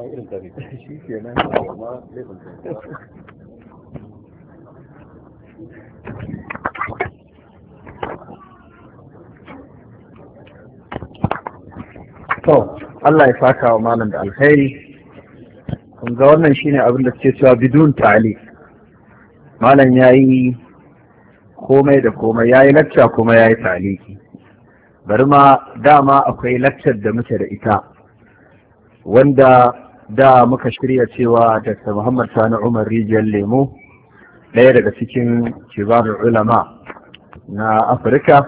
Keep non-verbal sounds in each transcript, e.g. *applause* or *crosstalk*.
ma Allah ya saka wa malam da alkhairi kun ga wannan shine abin da suke cewa bidun ta'ali malam ya yi komai da komai ya yi lacca kuma ya yayi ta'aliki. bari ma dama akwai laccar da muke da ita wanda da muka shirya cewa Dr. Muhammad Sani Umar Rijiyar Lemo ɗaya daga cikin kibarar ulama na Afirka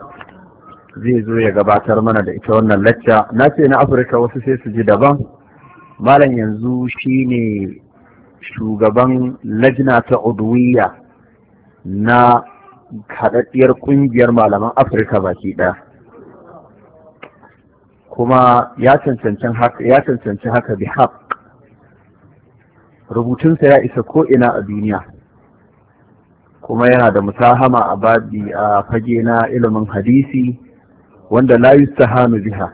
zai zo ya gabatar mana da ita wannan lacca na ce na Afirka wasu sai su ji daban malam yanzu shi ne shugaban lajna ta Uduwiya na haɗaɗɗiyar ƙungiyar malaman Afirka baki ɗaya. kuma ya cancanci haka bi rubutunsa ya isa ko'ina a duniya kuma yana da musahama a baɗi a fage na ilimin hadisi wanda la hannu biha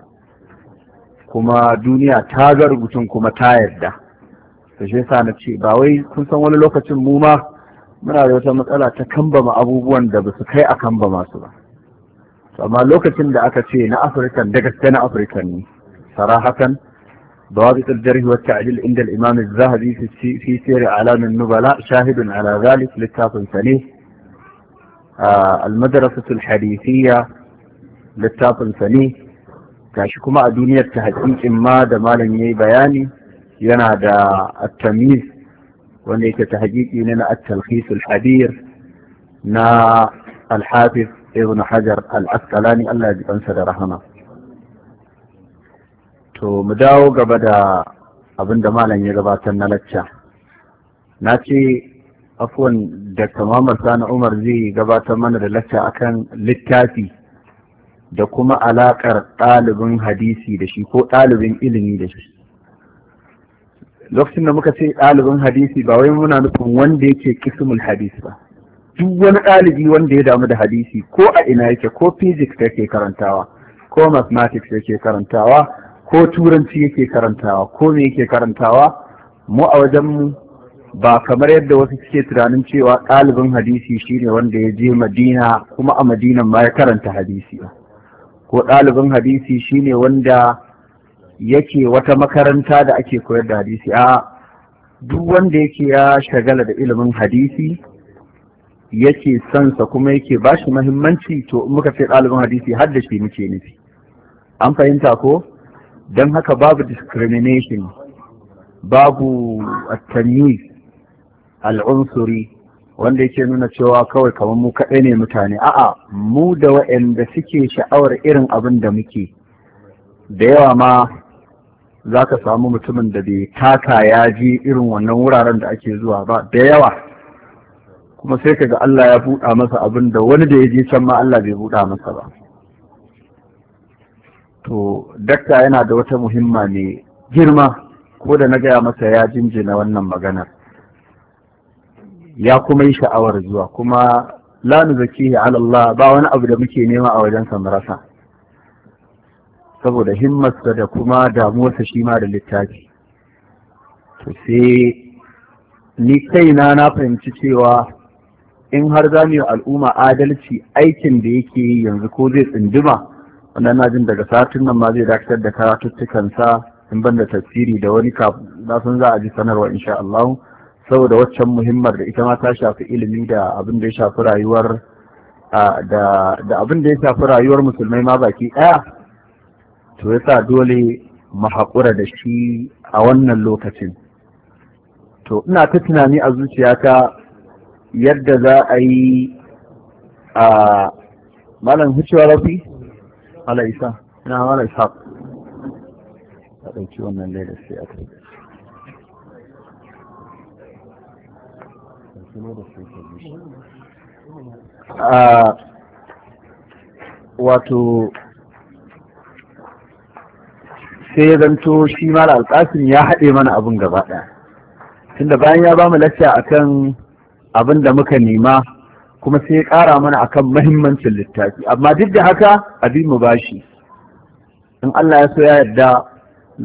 kuma duniya ta ga rubutun kuma ta yarda da shi yasa na ce ba wai kun san wani lokacin mu ma muna da wata matsala ta kambama abubuwan da ba su kai a kambama masu ba amma lokacin da aka ce na afirkan da gaske na afirkan ne sarahatan ضابط الجرح والتعديل عند الإمام الذهبي في في سير أعلام النبلاء شاهد على ذلك للتاف سليح آه المدرسة الحديثية للتاف سليح كاشكما دنيا التحقيق إما دا مالن يي بياني ينا دا التمييز وليك تحقيق لنا التلخيص الحبير نا الحافظ ابن حجر العسقلاني الله يجزاه رحمه to mu dawo gaba da abin da malam ya gabatar na lacca na ce afuwan da kamar sani umar zai gabatar mana da lacca akan littafi da kuma alaƙar ɗalibin hadisi da shi ko ɗalibin ilimi da shi lokacin da muka ce ɗalibin hadisi ba wai muna nufin wanda yake kismul hadis ba duk wani ɗalibi wanda ya damu da hadisi ko a ina yake ko physics yake karantawa ko mathematics yake karantawa ko turanci yake karantawa ko me yake karantawa mu a wajenmu ba kamar yadda wasu suke tunanin cewa ɗalibin hadisi shine wanda ya je madina kuma a madinan ma ya karanta hadisi ba ko ɗalibin hadisi shine wanda yake wata makaranta da ake koyar da hadisi a duk wanda yake ya shagala da ilimin hadisi yake sansa kuma yake ba shi mahimmanci to muka ce ɗalibin hadisi har da shi muke nufi an fahimta ko don haka babu discrimination babu attamiz al'unsuri wanda yake nuna cewa kawai kamar mu kaɗai ne mutane a'a mu da waɗanda suke sha'awar irin abin da muke da yawa ma za ka samu mutumin da bai taka ya ji irin wannan wuraren da ake zuwa ba da yawa kuma sai ka ga Allah ya buɗa masa abin da wani da ya je can ma Allah bai buɗa masa ba to dakta yana da wata muhimma ne girma ko da na gaya masa ya jinjina wannan maganar ya kuma yi sha'awar zuwa kuma lanu zaki ala Allah ba wani abu da muke nema a wajen samarasa saboda himmarsa da kuma damuwarsa shi ma da littafi to sai ni kaina na fahimci cewa in har za mu yi al'umma adalci aikin da yake yi yanzu ko zai tsinduma wannan na jin daga satin nan ma zai dakatar da karatuttukansa in banda tafsiri da wani na san za a ji sanarwa insha Allah saboda waccan muhimmar da ita ma ta shafi ilimi da abin da ya shafi rayuwar da abin da ya shafi rayuwar musulmai ma baki ɗaya to yasa dole mu haƙura da shi a wannan lokacin to ina ta tunani a zuciyata yadda za a yi a malam hucewa rafi ala isa ina sai wato sai ya zanto shi mala alƙasin ya haɗe mana abin gaba ɗaya tunda bayan ya ba mu a akan abin da muka nema kuma sai ya ƙara mana akan mahimmancin littafi amma duk da haka abin mu bashi in Allah ya so ya yarda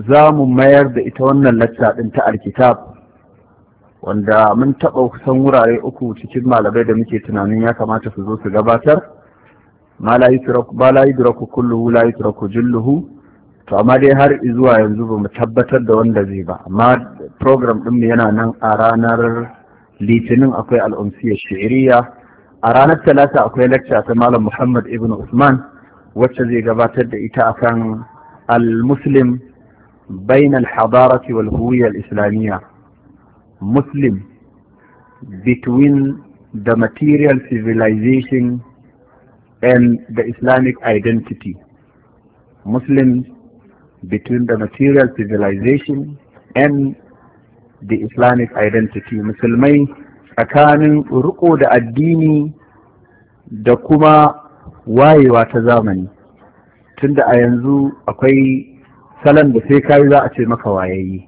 za mu mayar da ita wannan lacca ɗin ta alkitab wanda mun taɓa kusan wurare uku cikin malamai da muke tunanin ya kamata su zo su gabatar ba la yudraku kulluhu la yudraku julluhu to amma dai har zuwa yanzu ba mu tabbatar da wanda zai ba amma program ɗinmu yana nan a ranar litinin akwai al'umsiyar shi'iriya a ranar talata akwai lecture ta malam muhammad ibn usman wacce zai gabatar da ita akan al-muslim bain al-hadarati wal huwiyya al-islamiyya muslim between the material civilization and the islamic identity muslims between the material civilization and the islamic identity musulmai tsakanin riko da addini da kuma wayewa ta zamani tunda a yanzu akwai salon da sai kayi za a ce maka wayayi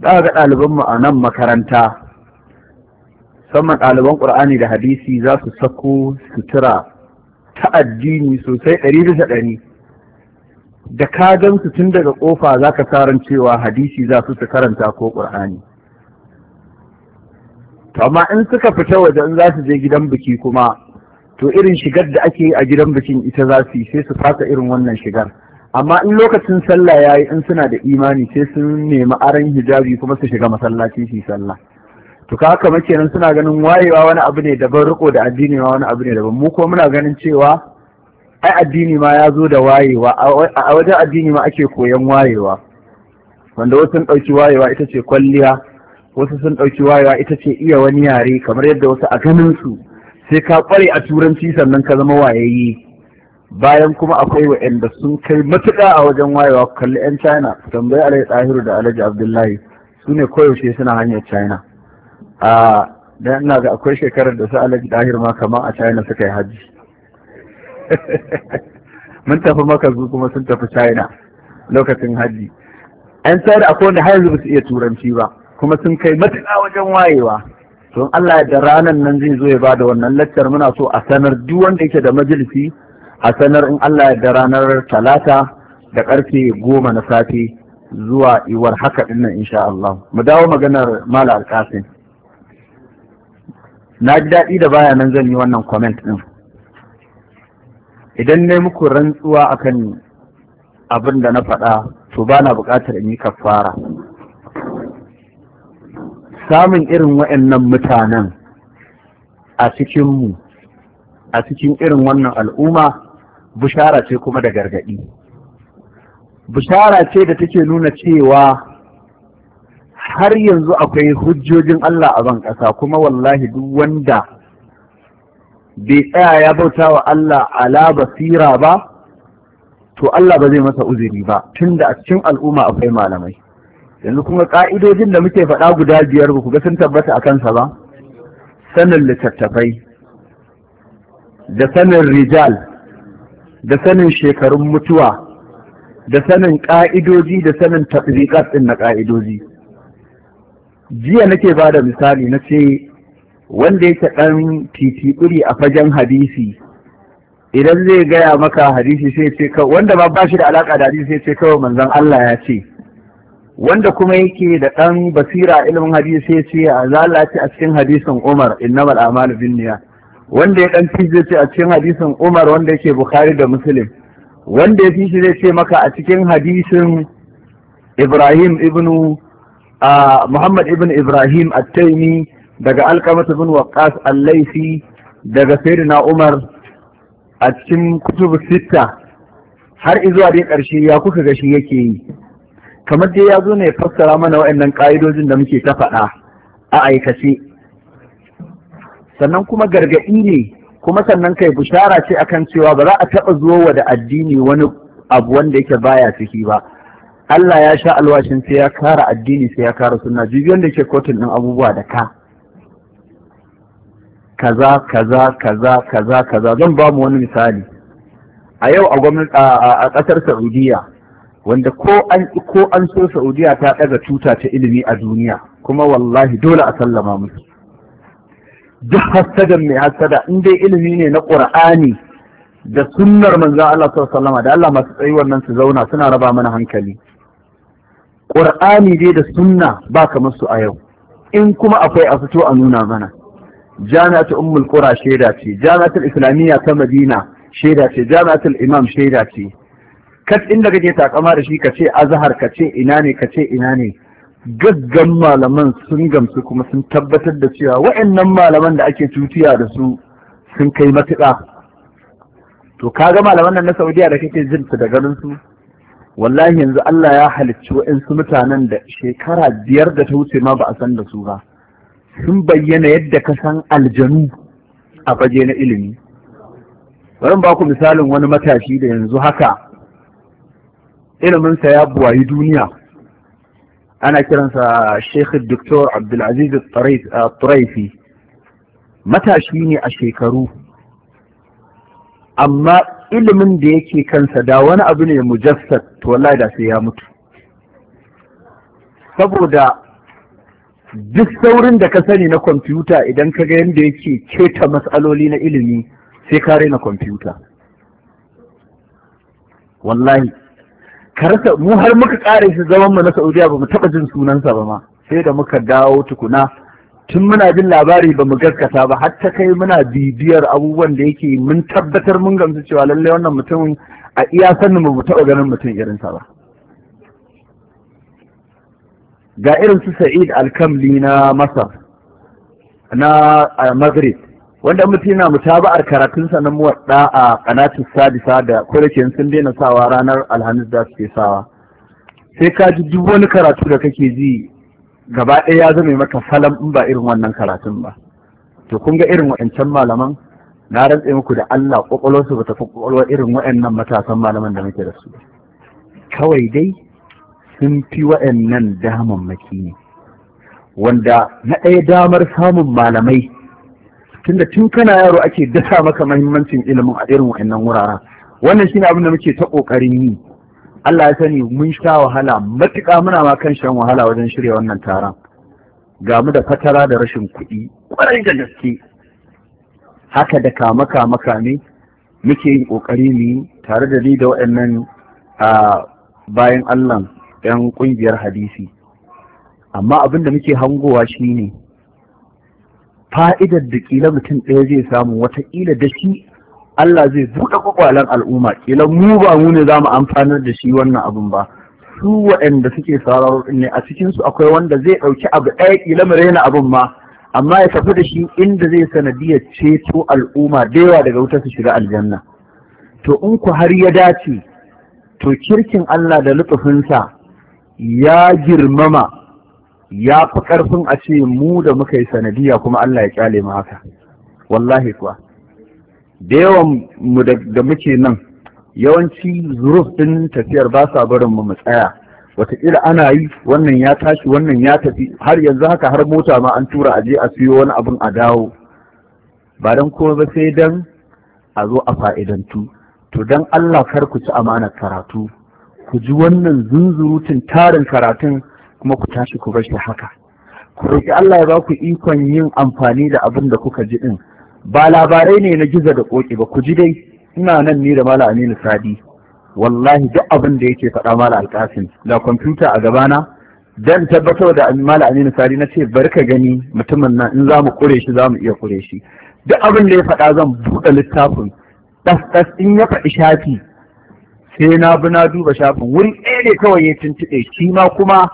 za ga ɗalibanmu a nan makaranta saman ɗaliban ƙur'ani da hadisi za su sako sutura ta addini sosai ɗari bisa ɗari da ka tun daga ƙofa za ka cewa hadisi za su karanta ko ƙur'ani to amma in suka fita waje in za su je gidan biki kuma to irin shigar da ake yi a gidan bikin ita za su yi sai su fasa irin wannan shigar amma in lokacin sallah ya yi, in suna da imani sai sun nemi aran hijabi kuma su shiga masallaci su sallah to ka haka kenan suna ganin wayewa wani abu ne daban riko da addini ma wani abu ne daban mu ko muna ganin cewa ai addini ma ya zo da wayewa a wajen addini ma ake koyan wayewa wanda wasu ɗauki wayewa ita ce kwalliya wasu sun ɗauki wayewa ita ce iya wani yare kamar yadda wasu a ganin su sai ka ƙware a turanci sannan ka zama wayayi bayan kuma akwai wa'anda sun kai matuƙa a wajen wayewa kalli 'yan china tambayi alai tsahiru da alhaji abdullahi su ne koyaushe suna hanyar china a da ina ga akwai shekarar da su alhaji tsahir ma kama a china suka yi hajji *laughs* mun tafi maka zu kuma sun tafi china lokacin hajji 'yan china akwai wanda har yanzu ba su iya turanci ba kuma sun kai matuƙa wajen wayewa to Allah da ranar nan zai zo ya bada wannan lattar muna so a sanar duk wanda yake da majalisi a sanar in Allah da ranar talata da ƙarfe goma na safe zuwa iwar haka dinnan insha Allah mu dawo maganar mala alƙasin na ji daɗi da baya nan zan yi wannan comment din idan ne muku rantsuwa akan abin da na faɗa to ba na buƙatar in yi kafara samun irin wa'annan mutanen a cikinmu a cikin irin wannan al'umma bishara ce kuma da gargaɗi bishara ce da take nuna cewa har yanzu akwai hujjojin Allah a ban ƙasa kuma wallahi duk wanda bai tsaya ya bauta wa Allah ala basira ba to Allah ba zai masa uzuri ba tunda a cikin al'umma akwai malamai yanzu kuma ƙa'idojin da muke faɗa guda biyar ba ku ga sun tabbata a kansa ba sanin littattafai da sanin rijal da sanin shekarun mutuwa da sanin ƙa'idoji da sanin taɓiriƙas ɗin na ƙa'idoji jiya nake ba da misali na ce wanda yake ɗan titiɓuri a fagen hadisi idan zai gaya maka hadisi sai ce wanda ba ba shi da alaƙa da hadisi sai ce kawai manzon Allah ya ce wanda kuma yake da ɗan basira ilimin hadisi ya ce a lalace a cikin hadisin Umar innamal a'malu binniya wanda ya ɗan fi ce a cikin hadisin Umar wanda yake Bukhari da Muslim wanda ya fi shi zai ce maka a cikin hadisin Ibrahim Ibn, Muhammad ibn Ibrahim at taimi daga Alqamah bin Waqqas al-Laythi daga Sayyidina Umar a cikin kutubu sitta har izuwa dai ƙarshe ya kuka gashi yake yi kamar dai ya zo ne fassara mana waɗannan ƙa'idojin da muke ta faɗa a aikace sannan kuma gargaɗi ne kuma sannan kai bushara ce akan cewa ba za a taɓa zuwa da addini wani abu wanda yake baya ciki ba Allah ya sha alwashin sai ya kara addini sai ya kara suna jibiyar da ke kotun ɗin abubuwa da ka kaza kaza kaza kaza kaza zan ba mu wani misali a yau a a ƙasar Saudiya wanda ko an ko an so Saudiya ta daga tuta ta ilimi a duniya kuma wallahi dole a sallama musu duk hasadan mai hasada in dai ilimi ne na Qur'ani da sunnar manzo Allah sallallahu da Allah masu tsayi wannan su zauna suna raba mana hankali Qur'ani dai da sunna ba kamar su a yau in kuma akwai a fito a nuna mana jami'atu ummul qura shaida ce jami'atul islamiyya ta madina shaida ce jami'atul imam shaida ce kat ɗin da kake takama da shi ka ce azhar ka ce ina ne ka ce ina ne gaggan malaman sun gamsu kuma sun tabbatar da cewa wa'annan malaman da ake tutiya da su sun kai matuƙa to kaga malaman nan na saudiya da kake jin su da ganin su wallahi yanzu Allah ya halicci wa'insu mutanen da shekara biyar da ta wuce ma ba a san da su ba sun bayyana yadda ka san aljanu a faje na ilimi bari ba ku misalin wani matashi da yanzu haka iliminsa ya buwayi duniya ana kiransa sheikh doktor abdulaziz turaifi matashi ne a shekaru amma ilimin da yake kansa da wani abu ne mujassad to wallahi da sai ya mutu saboda duk saurin da ka sani na kwamfuta idan ka ga yadda yake keta matsaloli na ilimi sai ka na kwamfuta wallahi karasa mu har muka kare shi zaman mu na Saudiya ba mu taba jin sunansa ba ma sai da muka dawo tukuna tun muna jin labari ba mu gaskata ba har ta kai muna bibiyar abubuwan da yake mun tabbatar mun gamsu cewa lallai wannan mutum a iya sanin mu taba ganin mutum irinsa ba ga irin su sa'id alkamli na masar na maghrib wanda mutum yana mutaba'ar sa na muwadda a kanatin sadisa da kwalikin sun daina sawa ranar alhamis da suke sawa sai ka ji duk wani karatu da kake ji gaba ɗaya ya zama maka falon in ba irin wannan karatun ba to kun ga irin waɗancan malaman na rantse muku da Allah kwakwalwarsu ba ta fi irin wa'annan matasan malaman da muke da su kawai dai sun fi waɗannan damammaki ne wanda na ɗaya damar samun malamai tunda tun kana yaro ake dasa maka mahimmancin ilimin a irin wa'annan wurare wannan shine abin da muke ta kokarin yi Allah ya sani mun sha wahala matuƙa muna ma kan shan wahala wajen shirya wannan taron ga mu da fatara da rashin kuɗi ƙwarai da gaske haka da kama kama kame muke yin ƙoƙari ne tare da ni da wa'annan a bayan Allah 'yan ƙungiyar hadisi amma abin da muke hangowa shine fa'idar da ƙila mutum ɗaya zai samu watakila da shi Allah zai buɗe kwakwalen al'umma ƙila mu ba mu ne za mu amfanar da shi wannan abin ba su waɗanda suke sauraro ne a cikinsu akwai wanda zai ɗauki abu ɗaya ƙila mu raina abin ma amma ya tafi da shi inda zai sanadiyar ceto al'umma da yawa daga wuta su shiga aljanna to in ku har ya dace to kirkin Allah da lutufinsa ya girmama ya fi ƙarfin a ce mu da muka yi sanadiyya kuma Allah ya kyale mu haka wallahi kuwa da yawan mu da muke nan yawanci zuruf din tafiyar ba sa barin mu tsaya wataƙila ana yi wannan ya tashi wannan ya tafi har yanzu haka har mota ma an tura a je a siyo wani abin a dawo ba don kuma ba sai dan a zo a fa'idantu to dan Allah kar ku ci amanar karatu ku ji wannan zunzurutun tarin karatun kuma ku tashi ku bar shi haka ku roki Allah ya ba ku ikon yin amfani da abin da kuka ji din ba labarai ne na gizo da koki ba ku ji dai ina nan ni da mala Aminu Sadi wallahi duk abin da yake faɗa mala alƙasim da kwamfuta a gabana dan tabbatar da mala Aminu Sadi na ce bari ka gani mutumin nan in za mu kure shi za mu iya kure shi duk abin da ya faɗa zan buɗe littafin ɗas in ya faɗi shafi sai na bi na duba shafin wuri ɗaya ne kawai ya tuntuɗe shi ma kuma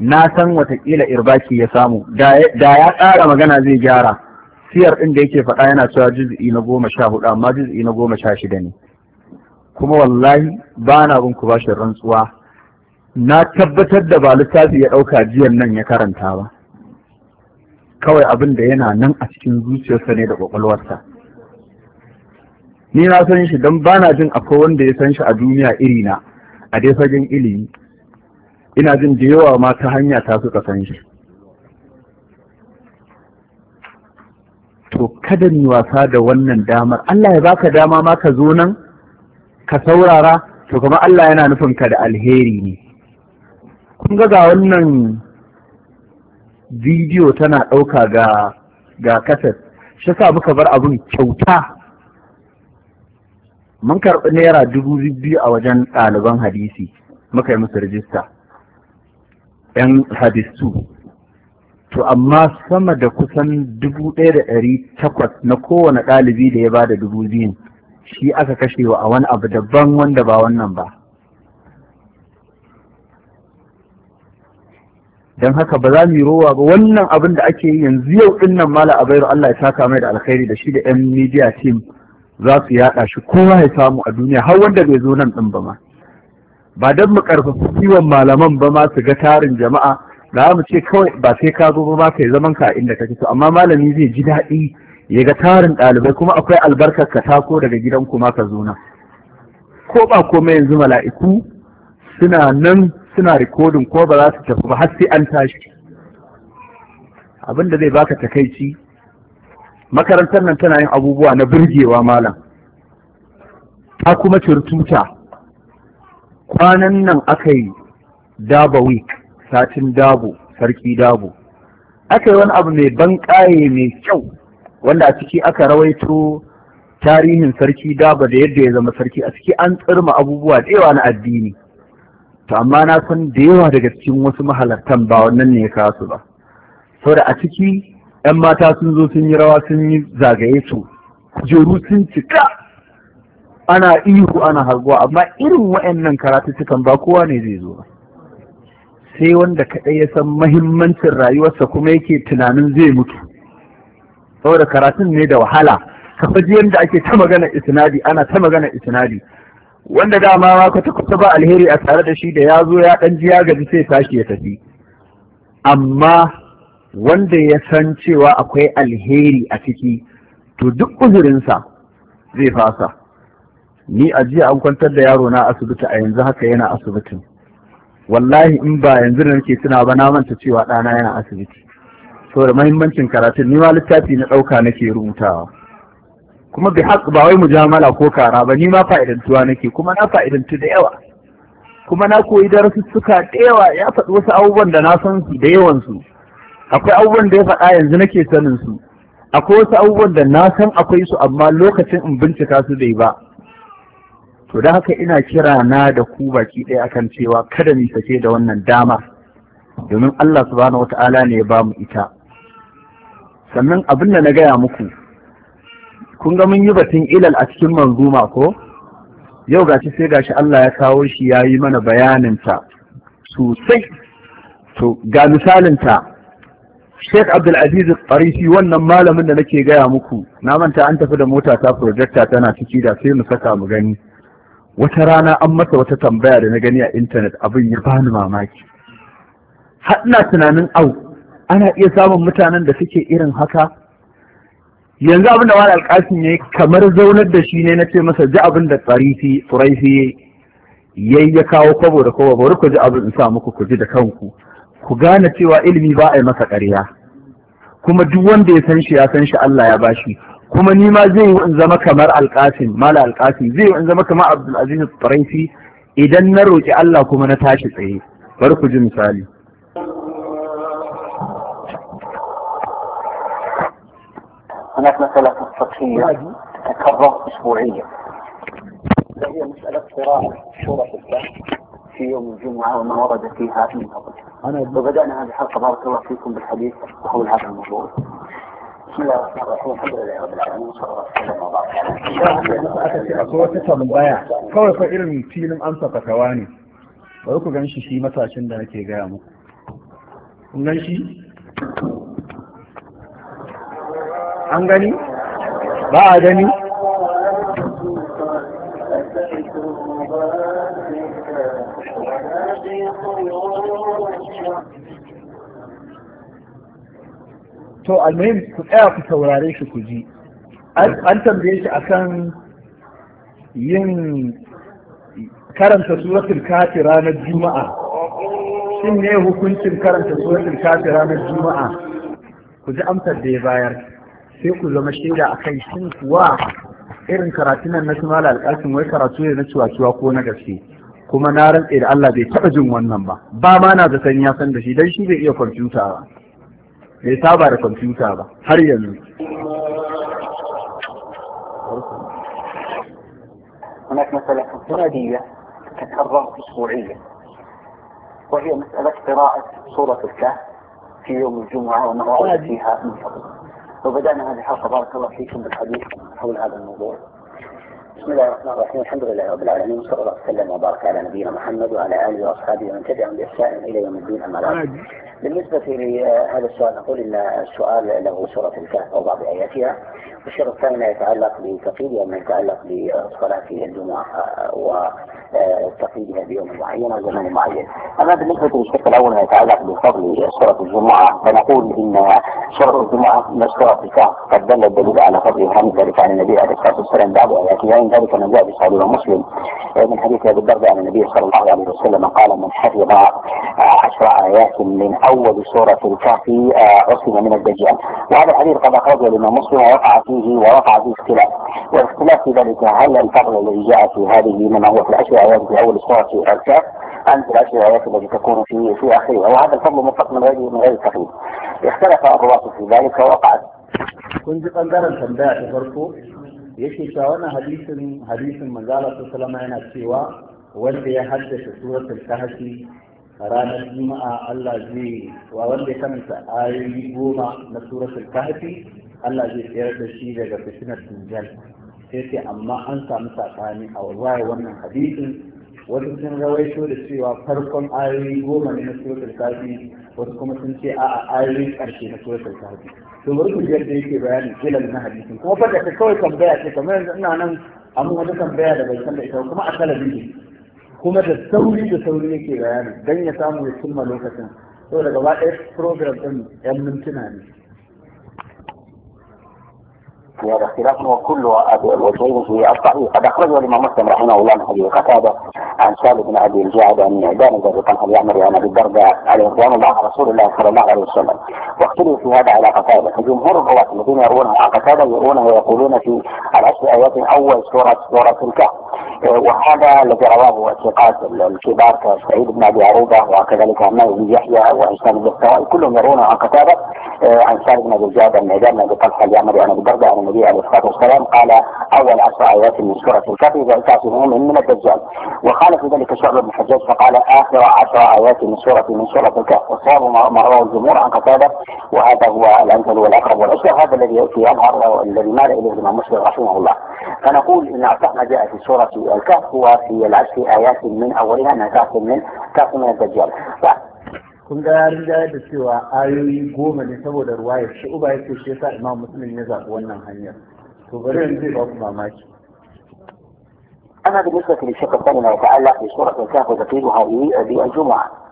na san watakila irbaki ya samu da ya ƙara magana zai gyara siyar ɗin da yake faɗa yana cewa juz'i na goma sha hudu amma juz'i na goma sha shida ne kuma wallahi ba na bin ku bashi rantsuwa na tabbatar da ba littafi ya ɗauka jiyan nan ya karanta ba kawai abin da yana nan a cikin zuciyarsa ne da ƙwaƙwalwarsa ni na san shi don ba na jin akwai wanda ya san shi a duniya iri na, a dai fagen ilimi ina jin da yawa ma ta hanya ta suka san shi to kada ni wasa da wannan damar Allah ya baka dama ma ka zo nan ka saurara to kuma Allah yana nufin ka da alheri ne kun ga ga wannan bidiyo tana ɗauka ga ga kasar shi sa muka bar abun kyauta mun karɓi naira dubu biyu a wajen ɗaliban hadisi muka yi musu rijista 'yan hadisu to amma sama da kusan dubu ɗaya da ɗari takwas na kowane ɗalibi da ya ba da dubu biyun shi aka kashewa a wani abu daban wanda ba wannan ba don haka ba za mu yi rowa ba wannan abin da ake yi yanzu yau ɗin nan mala abairu Allah ya saka mai da alkhairi da shi da 'yan media team za su yaɗa shi kowa ya samu a duniya har wanda bai zo nan ɗin ba ma ba don mu karfafi kiwon malaman ba ma su ga tarin jama'a da mu ce kawai ba sai ka zo ba ma yi zaman ka inda kake so amma malami zai ji daɗi ya ga tarin ɗalibai kuma akwai albarkar ka tako daga gidan kuma ka zo na ko ba kome yanzu mala'iku suna nan suna rikodin ko ba za su tafi ba har sai an tashi abin da zai baka takaici makarantar nan tana yin abubuwa na birgewa malam ta kuma cirtuta kwanan nan aka yi daba week satin dabo sarki dabo aka yi wani abu mai ban ƙaye mai kyau wanda a ciki aka rawaito tarihin sarki daba da yadda ya zama sarki a ciki an tsirma abubuwa da yawa na addini to amma na san da yawa daga cikin wasu mahalartan ba wannan ne ya kasu ba. ba saboda a ciki 'yan mata sun zo sun yi rawa sun yi zagaye su kujeru sun cika ana ihu ana hargowa amma irin wa'annan karatuttukan ba kowa ne zai zo sai wanda kaɗai ya san mahimmancin rayuwarsa kuma yake tunanin zai mutu saboda karatun ne da wahala ka faji yadda ake ta magana isnadi ana ta magana isnadi wanda dama ma kwata kwata ba alheri a tare da shi da ya zo ya ɗan ji ya gaji sai tashi ya tafi amma wanda ya san cewa akwai alheri a ciki to duk uzurinsa zai fasa ni a jiya an kwantar da yaro na asibiti a yanzu haka yana asibitin wallahi in ba yanzu da nake tuna ba na manta cewa ɗana yana asibiti saboda mahimmancin karatun ni ma littafi na ɗauka nake rubutawa kuma bi haƙ ba wai mujamala ko kara ba ni ma fa'idantuwa nake kuma na fa'idantu da yawa kuma na koyi darasussuka da yawa ya faɗi wasu abubuwan da na san su da yawan su akwai abubuwan da ya faɗa yanzu nake sanin su akwai wasu abubuwan da na san akwai su amma lokacin in bincika su bai ba to da haka ina kira na da ku baki ɗaya akan cewa kada mu sake da wannan dama domin Allah subhanahu wata'ala ne ya bamu ita sannan abin da na gaya muku kun ga mun yi batun ilal a cikin manzuma ko yau gashi sai gashi Allah ya kawo shi ya yi mana bayaninta sosai to ga misalinta Sheikh Abdulaziz Farisi wannan malamin da nake gaya muku na manta an tafi da mota ta projector tana ciki da sai mu saka mu gani wata rana an masa wata tambaya da na gani a intanet abin ya bani mamaki haɗina tunanin au ana iya samun mutanen da suke irin haka yanzu abin da wani alƙasin ya yi kamar zaunar da shi ne na ce masa ji abin da tsarifi turaifi ya ya kawo kwabo da kwabo bari ku ji abin in sa muku ku ji da kanku ku gane cewa ilimi ba a yi masa ƙarya kuma duk wanda ya san shi ya san shi Allah ya bashi kuma ni ma zai yi in zama kamar alƙasim mala alƙasim zai yi in zama kamar abdulaziz tsaraisi idan na roki Allah kuma na tashi tsaye bari ku ji misali هناك مسألة سطحية تتكرر أسبوعيا وهي مسألة قراءة سورة الكهف في يوم الجمعة وما ورد فيها من فضل وبدأنا هذه الحلقة بارك الله فيكم بالحديث حول هذا الموضوع akwai tambaya kawai fa irin filin amsa fatawa ne bari ku gan shi shi matashin da nake gaya muku kun gan shi an gani ba a gani to almuhim ku tsaya ku saurare shi ku ji an tambaye shi akan yin karanta suratul kafi ranar juma'a shin ne hukuncin karanta suratul kafi ranar juma'a ku ji amsar da ya bayar sai ku zama shaida kai shin kuwa irin karatu nan na shimala alƙalfin wai karatu ne na ciwa-ciwa ko na gaske kuma na rantse da Allah bai taɓa jin wannan ba ba ma na zaton ya san da shi dan shi bai iya kwamfuta ba bai saba da kwamfuta ba har yanzu هناك مسألة انفرادية تتكرر أسبوعيا وهي مسألة قراءة سورة الكهف في يوم الجمعة وما وعد فيها من فضل وبدأنا هذه الحلقة بارك الله فيكم بالحديث حول هذا الموضوع بسم الله الرحمن الرحيم الحمد لله رب العالمين وصلى الله وسلم وبارك على نبينا محمد وعلى آله وأصحابه ومن تبعهم بإحسان إلى يوم الدين أما بعد بالنسبة لهذا السؤال نقول إن السؤال له سورة الكهف بعض آياتها والشرط الثاني ما يتعلق بتقييدها ما يتعلق بصلاة الجمعة وتقييدها بيوم معين أو زمان معين. أما بالنسبة للشق الأول ما يتعلق بفضل سورة الجمعة فنقول إن سورة الجمعة من سورة الكهف قد دل الدليل على فضل الحمد ذلك عن النبي عليه الصلاة والسلام بعض آياتها وإن ذلك ما جاء بصحابه مسلم من حديث أبي الدرداء عن النبي صلى الله عليه وسلم قال من حفظ عشر آيات من أول أول سورة الكهف آه، عصم من الدجال وهذا الحديث قد أخرجه الإمام مسلم ووقع فيه ووقع فيه اختلاف والاختلاف في ذلك هل الفقر الذي جاء في هذه مما هو في العشر آيات في أول سورة الكهف أم في العشر آيات التي تكون في في آخرها وهذا الفضل مطلق من غير من غير تقييد اختلف الرواة في ذلك ووقع كنت قد درس بها farko يشي cewa حديث حديث من قال صلى الله عليه وسلم cewa wanda ya haddace a ranar juma'a Allah zai wa wanda ya karanta ayoyi goma na suratul kahfi Allah zai tsayar da shi daga fitinar dujjal sai sai amma an samu saɓani a waye wannan hadisin wasu sun rawaito da cewa farkon ayoyi goma ne na suratul kahfi wasu kuma sun ce ayoyin na suratul kahfi to bari ku da yake bayani ilal na hadisin kuma fa da kawai tambaya ce kamar yanzu ina nan amma wata tambaya da bai san da ita kuma a talabijin kuma da sauri da sauri yake bayani don ya samu ya cimma lokacin da gaba ɗaya program ɗin 'yan mintuna ne وهذا خلاف وكل الوجهين في الصحيح قد اخرجه الامام مسلم رحمه الله من حديث قتاده عن سالم بن ابي الجعد ان دان طلحه اليعمري عن ابي الدرداء عليه رضوان الله على رسول الله صلى الله عليه وسلم واختلفوا في هذا على قتاده فجمهور الرواة الذين يروون على قتاده يرونه ويقولون في العشر ايات اول سوره سوره الكهف وهذا الذي رواه الثقات الكبار كسعيد بن ابي عروبه وكذلك عمار بن يحيى وهشام بن كلهم يرونه عن قتاده آه، عن سالم بن ابي الجعد ان طلحه اليعمري عن ابي الدرداء عن النبي عليه الصلاه والسلام قال اول عشر ايات من سوره الكهف ذلك من من الدجال وقال في ذلك شعب بن الحجاج فقال اخر عشر ايات من سوره من سوره الكهف وصار ما رواه الجمهور عن قتاده وهذا هو الامثل والاقرب والاشهر هذا الذي يظهر اظهر الذي مال اليه الامام مسلم رحمه الله فنقول ان اصح ما جاء في سوره الكهف هو في العشر ايات من اولها انها كهف من كهف من الدجال kun ga ya riga da cewa ayoyi goma ne saboda ruwa ya shi uba yake shi yasa imam muslim ya zaɓi wannan hanyar to bari yanzu zai ba ku mamaki Allah بالنسبة للشيخ الثاني وتعلق بسورة الكهف a في juma'a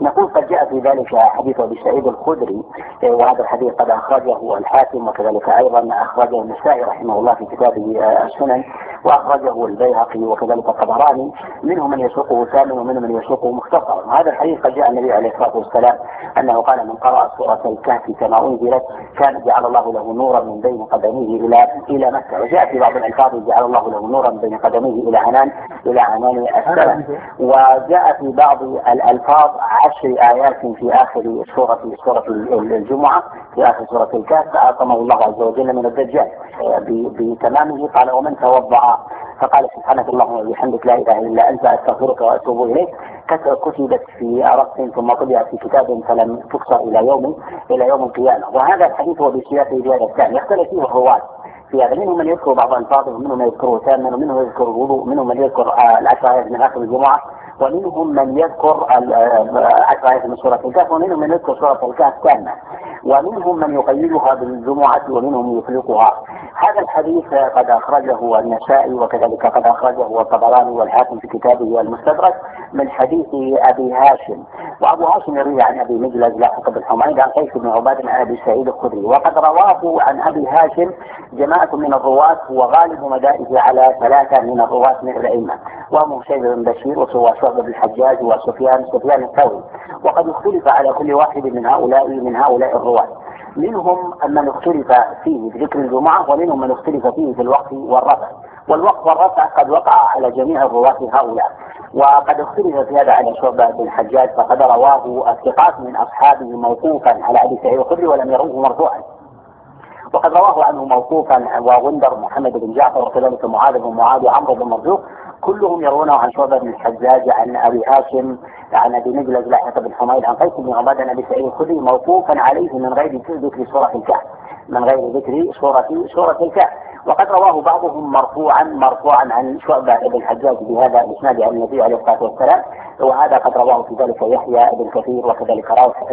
نقول قد جاء في ذلك حديث أبي سعيد الخدري إيه، وهذا الحديث قد أخرجه الحاكم وكذلك أيضا أخرجه النسائي رحمه الله في كتابه آه، السنن وأخرجه البيهقي وكذلك الطبراني منهم من يسوقه كامل ومنهم من يسوقه مختصرا وهذا الحديث قد جاء النبي عليه الصلاة والسلام أنه قال من قرأ سورة الكهف كما أنزلت كان جعل الله له نورا من بين قدميه إلى إلى مكة وجاء في بعض الألفاظ جعل الله له نورا من بين قدميه إلى عنان إلى عنان السلام وجاء في بعض الألفاظ عشر آيات في آخر سورة سورة الجمعة في آخر سورة الكهف فعصمه الله عز وجل من الدجال آه، بتمامه قال ومن توضأ فقال سبحانك اللهم وبحمدك لا إله إلا أنت أستغفرك وأتوب إليك كتبت في رق ثم طبعت في كتاب فلم تكسر إلى يوم إلى يوم القيامة وهذا الحديث هو بسياق الرياض الثاني يختلف فيه الرواة في هذا منهم من يذكر بعض الفاظ ومنهم من يذكره تاما ومنهم من يذكر الوضوء ومنهم من يذكر آه، العشر آيات من آخر الجمعة ومنهم من يذكر عشر آه، آه، آيات من سورة الكهف ومنهم من يذكر سورة الكهف كاملة ومنهم من يقيدها بالجمعة ومنهم يطلقها هذا الحديث قد أخرجه النسائي وكذلك قد أخرجه الطبراني والحاكم في كتابه المستدرك من حديث أبي هاشم وأبو هاشم يروي عن أبي مجلس لاحق بن حميد عن قيس بن عباد عن أبي سعيد الخدري وقد رواه عن أبي هاشم جماعة من الرواة وغالب مدائه على ثلاثة من الرواة من الأئمة وهم شيبة بن بشير وشعبة بن الحجاج وسفيان سفيان الثوري وقد اختلف على كل واحد من هؤلاء من هؤلاء الرواة منهم من اختلف فيه في ذكر الجمعة ومنهم من اختلف فيه في الوقف والرفع والوقف والرفع قد وقع على جميع الرواة هؤلاء وقد اختلف في هذا على شعبة بن الحجاج فقد رواه الثقات من أصحابه موقوفا على أبي سعيد الخدري ولم يروه مرفوعا وقد رواه عنه موقوفا وغندر محمد بن جعفر وكذلك معاذ بن معاذ وعمرو بن مرزوق كلهم يروونه عن شعبة بن الحجاج عن أبي هاشم عن أبي مجلس لحية بن حميد عن قيس بن عباد عن أبي سعيد الخدري موقوفا عليه من غير ذكر سورة الكهف من غير ذكر سورة سورة الكهف وقد رواه بعضهم مرفوعا مرفوعا عن شعبة بن الحجاج بهذا الإسناد عن النبي عليه الصلاة والسلام وهذا قد رواه في ذلك يحيى بن كثير وكذلك راوح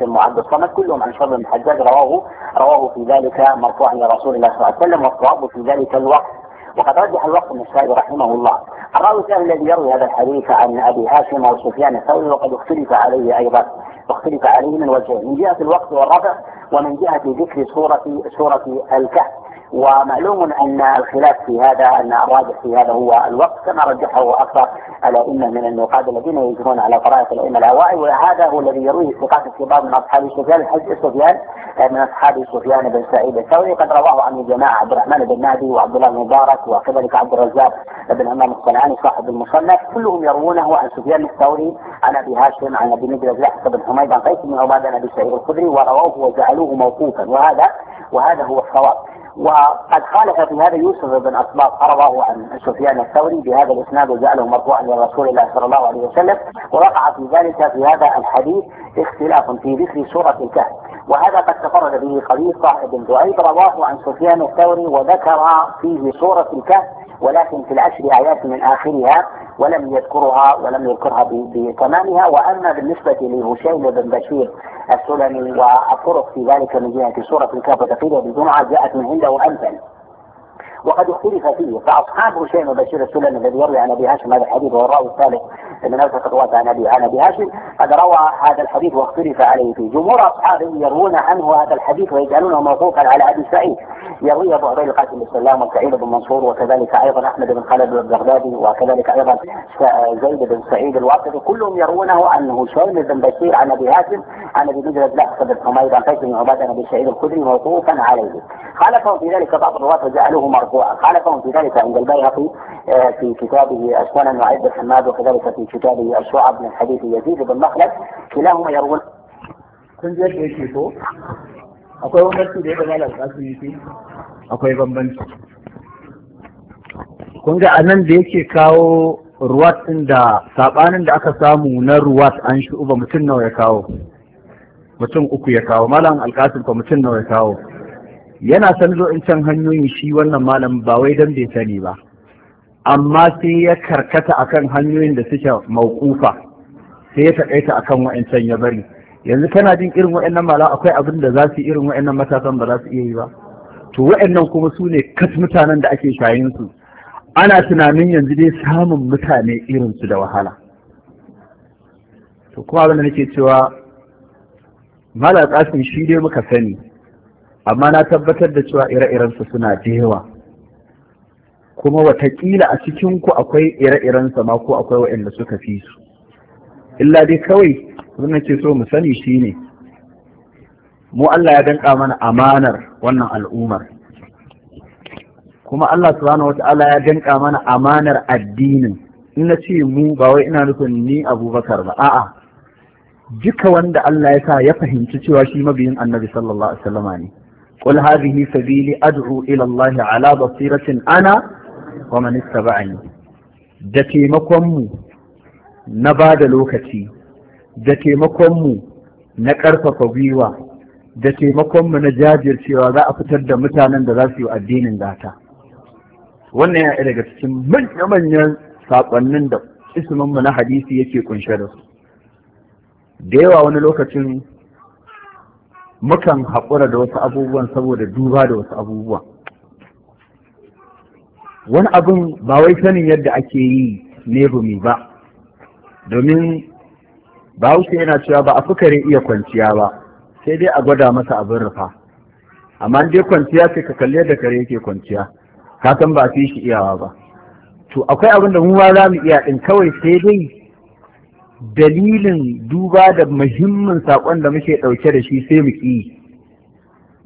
بن معد الصمد كلهم عن شعبة بن الحجاج رواه رواه في ذلك مرفوعا لرسول الله صلى الله عليه وسلم والصواب في ذلك الوقت وقد رجح الوقت النسائي رحمه الله الراوي الثاني الذي يروي هذا الحديث عن ابي هاشم وسفيان الثوري وقد اختلف عليه ايضا واختلف عليه من وجهين من جهه الوقت والرفع ومن جهه ذكر سوره سوره الكهف ومعلوم أن الخلاف في هذا أن الراجح في هذا هو الوقت كما رجحه أكثر الأئمة من النقاد الذين يجرون على قرائه الأئمة الأوائل وهذا هو الذي يرويه الثقات الكبار من أصحاب سفيان الحج سفيان من أصحاب سفيان بن سعيد الثوري قد رواه عن الجماعة عبد الرحمن بن مهدي وعبد الله المبارك وكذلك عبد الرزاق بن امام الصنعاني صاحب المصنف كلهم يروونه عن سفيان الثوري عن أبي هاشم عن أبي مدرج لحظة بن حميد عن قيس بن عباد عن أبي سعيد الخدري ورواه وجعلوه موقوفا وهذا وهذا هو الصواب وقد خالف في هذا يوسف بن اسباط رواه عن سفيان الثوري بهذا الإسناد وجعله مرفوعا إلى رسول الله صلى الله عليه وسلم ووقع في ذلك في هذا الحديث اختلاف في ذكر سورة الكهف وهذا قد تفرد به خليفة بن دعيد رواه عن سفيان الثوري وذكر فيه سورة الكهف ولكن في العشر آيات من آخرها ولم يذكرها ولم يذكرها بتمامها وأما بالنسبة لهشيم بن بشير السلمي والطرق في ذلك من جهة سورة الكهف وتقييدها بالجمعة جاءت من عنده أمثل وقد اختلف فيه فأصحاب هشام بشير السلمي الذي يروي عن أبي هاشم هذا الحديث وهو الراوي الثالث من ألف خطوات عن أبي عن أبي هاشم قد روى هذا الحديث واختلف عليه فيه جمهور أصحابه يروون عنه هذا الحديث ويجعلونه موثوقا على أبي سعيد يروي أبو عبيد القاسم بن سلام وسعيد بن منصور وكذلك أيضا أحمد بن خالد البغدادي وكذلك أيضا زيد بن سعيد الواسطي كلهم يروونه عن هشام بن بشير عن أبي هاشم عن أبي مجرد لحظة بن حميد عن قيس بن عبادة بن سعيد الخدري موقوفا عليه خالفهم في ذلك بعض الرواة وجعلوه مرض هو قال في ذلك عند البيهقي في كتابه السنن وعد الحماد وكذلك في كتابه الشعب من حديث يزيد بن مخلد كلاهما يروون kun je da yake so akwai bambanci da ya zama alƙasu yake akwai bambanci kun ga anan da yake kawo ruwat din da sabanin da aka samu na ruwat an shi uba mutum nawa ya kawo mutum uku ya kawo malam alƙasim ko mutum nawa ya kawo yana san zo in can hanyoyin shi wannan malam ba wai dan bai sani ba amma sai ya karkata akan hanyoyin da suke mauƙufa sai ya taƙaita akan wa'ancan ya bari yanzu kana jin irin wa'annan mala akwai abin da za su irin wa'annan matasan ba za su iya yi ba to wa'annan kuma su ne kas mutanen da ake shayin su ana tunanin yanzu dai samun mutane irinsu da wahala to kuma abin da nake cewa mala kasin shi dai muka sani amma na tabbatar da cewa ire irensa suna da yawa kuma watakila a cikinku akwai ire-irensa ma ko akwai waɗanda suka fi su illa dai kawai suna ce so mu sani shi ne mu Allah ya danƙa mana amanar wannan al'ummar, kuma Allah subhanahu wata'ala ya danƙa mana amanar addinin in na ce mu ba wai ina nufin ni abubakar ba a'a duka wanda Allah ya sa ya fahimci cewa shi mabiyin annabi sallallahu alaihi wasallama ne قل هذه سبيلي ilallahi ala الله ana بصيرة أنا ومن اتبعني da taimakonmu na ba da lokaci da taimakonmu na ƙarfafa gwiwa da taimakonmu na jajircewa za a fitar da mutanen da za su yi addinin gata wannan yana daga cikin manyan saƙonnin da mu na hadisi yake kunshe da su da yawa wani lokacin mukan haƙura da wasu abubuwan saboda duba da wasu abubuwa wani abin ba wai sanin yadda ake yi ne bumi ba domin bahaushe yana cewa ba a fukare iya kwanciya ba sai dai a gwada masa abin rufa amma dai kwanciya sai ka kalle da kare yake kwanciya ka san ba a fi shi iyawa ba to akwai abin da mu ma za mu iya ɗin kawai sai dai dalilin duba da muhimmin saƙon da muke ɗauke da shi sai mu ƙi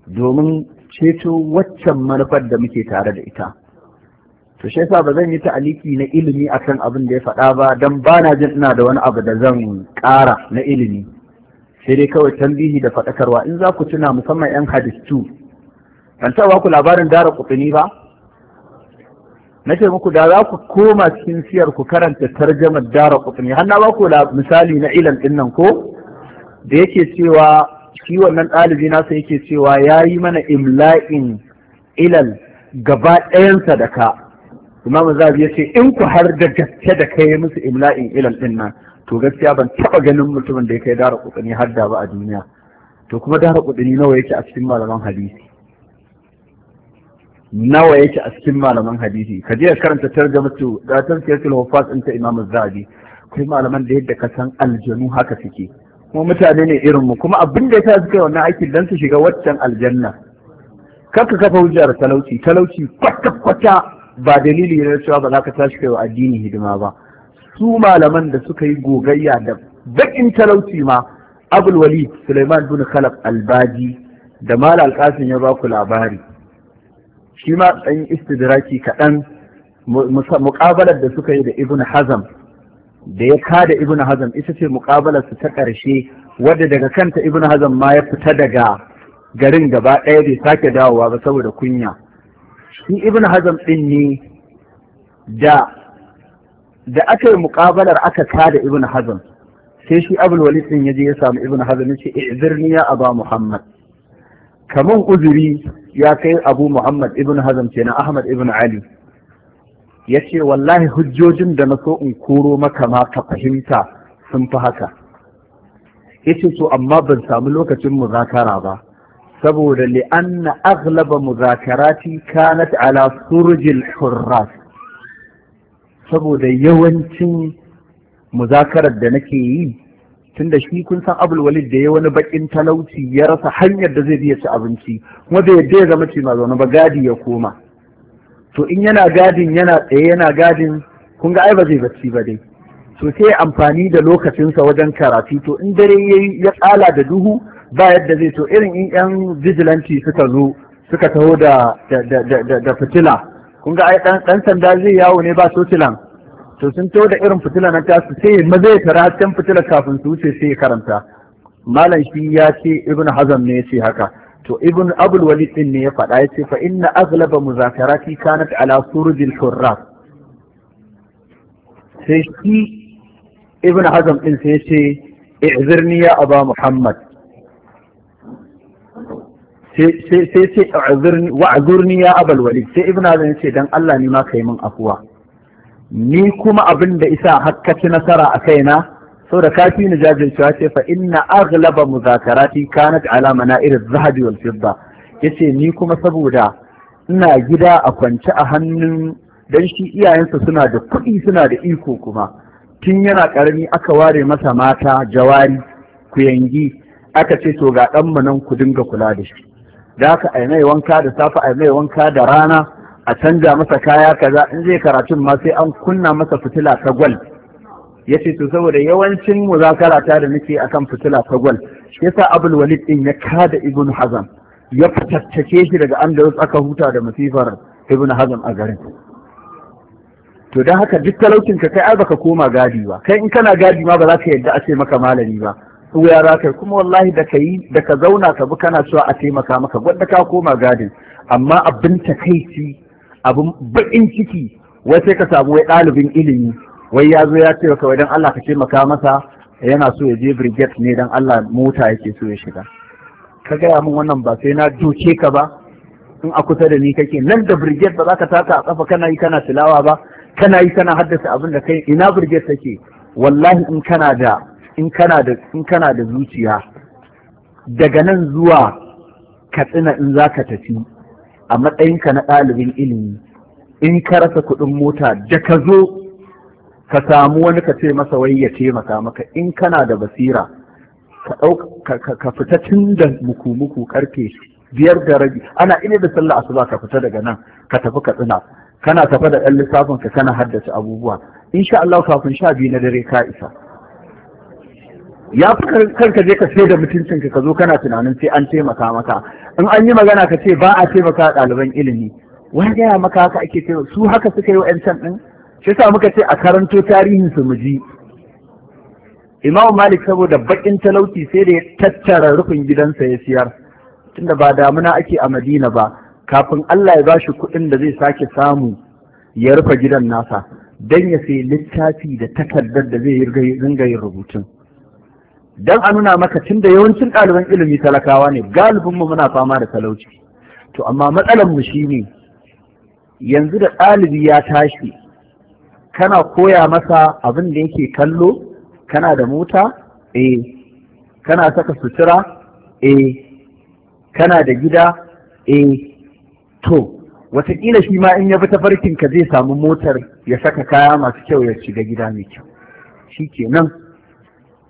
domin ceto waccan manufar da muke tare da ita to shi yasa ba zan yi ta'aliki na ilimi akan abin da ya faɗa ba don ba na jin ina da wani abu da zan ƙara na ilimi sai dai kawai tambihi da faɗakarwa in za ku tuna musamman 'yan hadistu ban taɓa ku labarin dara kutuni ba Na ce muku da za ku koma cikin siyar ku karanta tarjamar dara kutni har na baku da misali na ilan din nan ko da yake cewa shi wannan ɗalibi nasa yake cewa ya yi mana imla'in ilal gaba ɗayansa da ka imamu zabi ya ce in ku har da gaske da kai musu imla'in ilal din nan to gaskiya ban taɓa ganin mutumin da ya kai dara kutni har da ba a duniya to kuma dara kutni nawa yake a cikin malaman hadisi nawa yake a cikin malaman hadisi ka je karanta tarjamatu da tarkiyatul hufaz ɗin ta Imam zadi kai malaman da yadda ka san aljanu haka suke kuma mutane ne irin mu kuma abin da yasa suka wannan aikin dan su shiga waccan aljanna kaka kafa hujjar talauci talauci kwata kwata ba dalili ne cewa ba za ka tashi kai wa addini hidima ba su malaman da suka yi gogayya da bakin talauci ma abul walid Sulaiman bin Khalaf Albadi, da Mal al ya ba ku labari shi ma ɗan istidraki kaɗan muƙabalar da suka yi da ibn hazam da ya kada ibn hazam ita ce muƙabalar su ta ƙarshe wadda daga kanta ibn hazam ma ya fita daga garin gaba ɗaya bai sake dawowa ba saboda kunya shi ibn hazam ɗin ne da da aka yi muƙabalar aka kada ibn hazam sai shi abul walid ɗin ya je ya samu ibn hazam ya ce izirni ya aba muhammad kamar uzuri ya kai abu muhammad ibn hazm ce na ahmad ibn ali ya ce wallahi hujjojin da na so in koro maka ma ka fahimta sun fi haka ya ce so amma ban samu lokacin muzakara ba saboda li'anna aghlaba muzakarati kanat ala surjil hurras saboda yawancin muzakarar da nake yi Tun da shi kun san abul walid da ya wani bakin talauci ya rasa hanyar da zai biya ci abinci kuma bai yadda ya zama cima zaune ba gadi ya koma to in yana gadin yana tsaye yana gadin kun ga ai ba zai bacci ba dai to sai amfani da lokacinsa wajen karatu to in dare ya tsala da duhu ba yadda zai to irin in yan vigilanti suka zo suka taho da da fitila kun ga ai dan sanda zai yawo ne ba sotilan to sun to da irin fitila na tasu sai ma zai tara can fitila kafin su wuce sai ya karanta malam shi ya ce ibn hazam ne ya ce haka to ibn abul walid din ne ya faɗa ya ce fa inna aghlaba muzakarati kanat ala surujil hurrat sai shi ibn hazam din sai ya ce i'zirni ya aba muhammad sai sai sai wa'zurni ya abul walid sai ibn hazam ya ce dan Allah ne ma kai min afuwa ni kuma abin da isa hakkaci nasara a kaina sau da kafi ni jajircewa ce fa inna aghlaba muzakarati kanat ala mana'ir irin zahabi wal fidda yace ni kuma saboda ina gida a kwance a hannun dan shi iyayensa suna da kuɗi suna da iko kuma tun yana ƙarami aka ware masa mata jawari ku yangi, aka ce to ga ɗan nan ku dinga kula da shi da aka aimai wanka da safe amai wanka da rana a canza masa kaya kaza in zai karatun ma sai an kunna masa fitila ta gwal ya ce to saboda yawancin muzakara ta da nake akan fitila ta gwal shi yasa abul walid din ya kada ibn hazam ya fitattake shi daga an andalus aka huta da masifar ibn hazam a garin to don haka duk talaucin ka kai ai baka koma gadi ba kai in kana gadi ma ba za ka yadda a ce maka malami ba tsuya za ka kuma wallahi da ka yi da ka zauna ka bi kana cewa a taimaka maka gwanda ka koma gadin amma abin takaici abin baƙin ciki wai sai ka samu wai ɗalibin ilimi wai ya zo ya ce ka wai don Allah ka taimaka masa yana so ya je brigade ne don Allah mota yake so ya shiga ka gaya min wannan ba sai na doke ka ba in a kusa da ni kake nan da brigade ba za ka taka a kafa kana yi kana tilawa ba kana yi kana haddasa abin da kai ina brigade take wallahi in kana da in kana da in kana da zuciya daga nan zuwa katsina in za ka tafi a matsayinka na ɗalibin ilimi in ka rasa kuɗin mota da ka zo ka samu wani ka ce masa wai ya taimaka maka in kana da basira ka fita tun da muku-muku karfe biyar da rabi ana ina da sallah asuba ka fita daga nan ka tafi ka tsina kana tafa da ɗan lissafin ka kana haddace abubuwa insha Allah kafin sha biyu na dare ka isa ya fi karka je ka sai da mutuncinka ka zo kana tunanin sai an taimaka maka in an yi magana ka ce ba a taimaka ɗaliban ilimi wani gaya maka haka ake ce su haka suka yi wa can ɗin shi sa muka ce a karanto tarihin su mu ji malik saboda baƙin talauci sai da ya tattara rufin gidansa ya siyar tunda ba damuna ake a madina ba kafin allah ya ba shi kuɗin da zai sake samu ya rufe gidan nasa don ya sayi littafi da takardar da zai yi yin rubutun dan a nuna maka tun da yawancin ɗaliban ilimi talakawa ne galibinmu muna fama da talauci to amma matsalar mu ne, yanzu da ɗalibi ya tashi kana koya masa abin da yake kallo kana da mota eh kana saka sutura eh kana da gida eh to wataƙila shi ma in ya bi tafarkinka zai samu motar ya saka kaya masu kyau ya shiga gida mai kyau shi kenan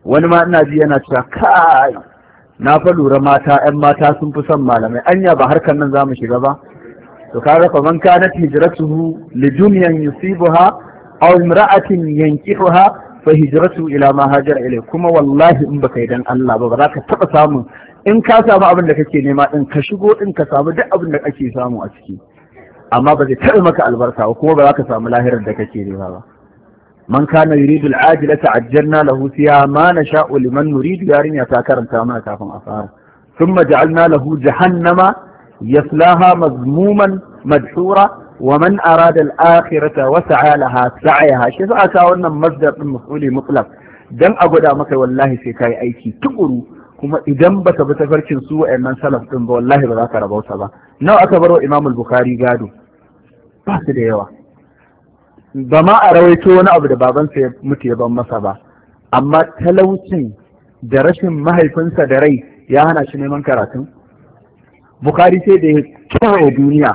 wani ma ina ji yana cewa kai na fa lura mata ƴan mata sun fi son malamai anya ba harkar nan zamu shiga ba to kaga fa man kana hijratuhu li dunyan yusibuha aw imra'atin yankihuha fa hijratu ila ma hajara ilay kuma wallahi in baka yi dan Allah ba ba za ka taba samun in ka samu abin da kake nema din ka shigo din ka samu duk abin da kake samu a ciki amma ba zai taɓa maka albarka kuma ba za ka samu lahirar da kake nema ba man kana yuridu al'ajilata ajjalna lahu fiha ma nasha'u liman nuridu yarinya ta karanta mana kafin a fara thumma ja'alna lahu jahannama yaslaha mazmuman madhura wa man arada al-akhirata wa sa'a laha sa'yaha shi sa aka wannan masdar din mas'uli mutlaq dan a gwada maka wallahi sai kai aiki tukuru kuma idan baka bi tafarkin su wa'annan salaf din ba wallahi ba za ka rabauta ba nawa aka barwa wa Imam al-Bukhari gado ba su da yawa ba ma a rawaito wani abu da babansa ya mutu ya ban masa ba amma talaucin da rashin mahaifinsa da rai ya hana shi neman karatun Bukhari sai da ya kyawa duniya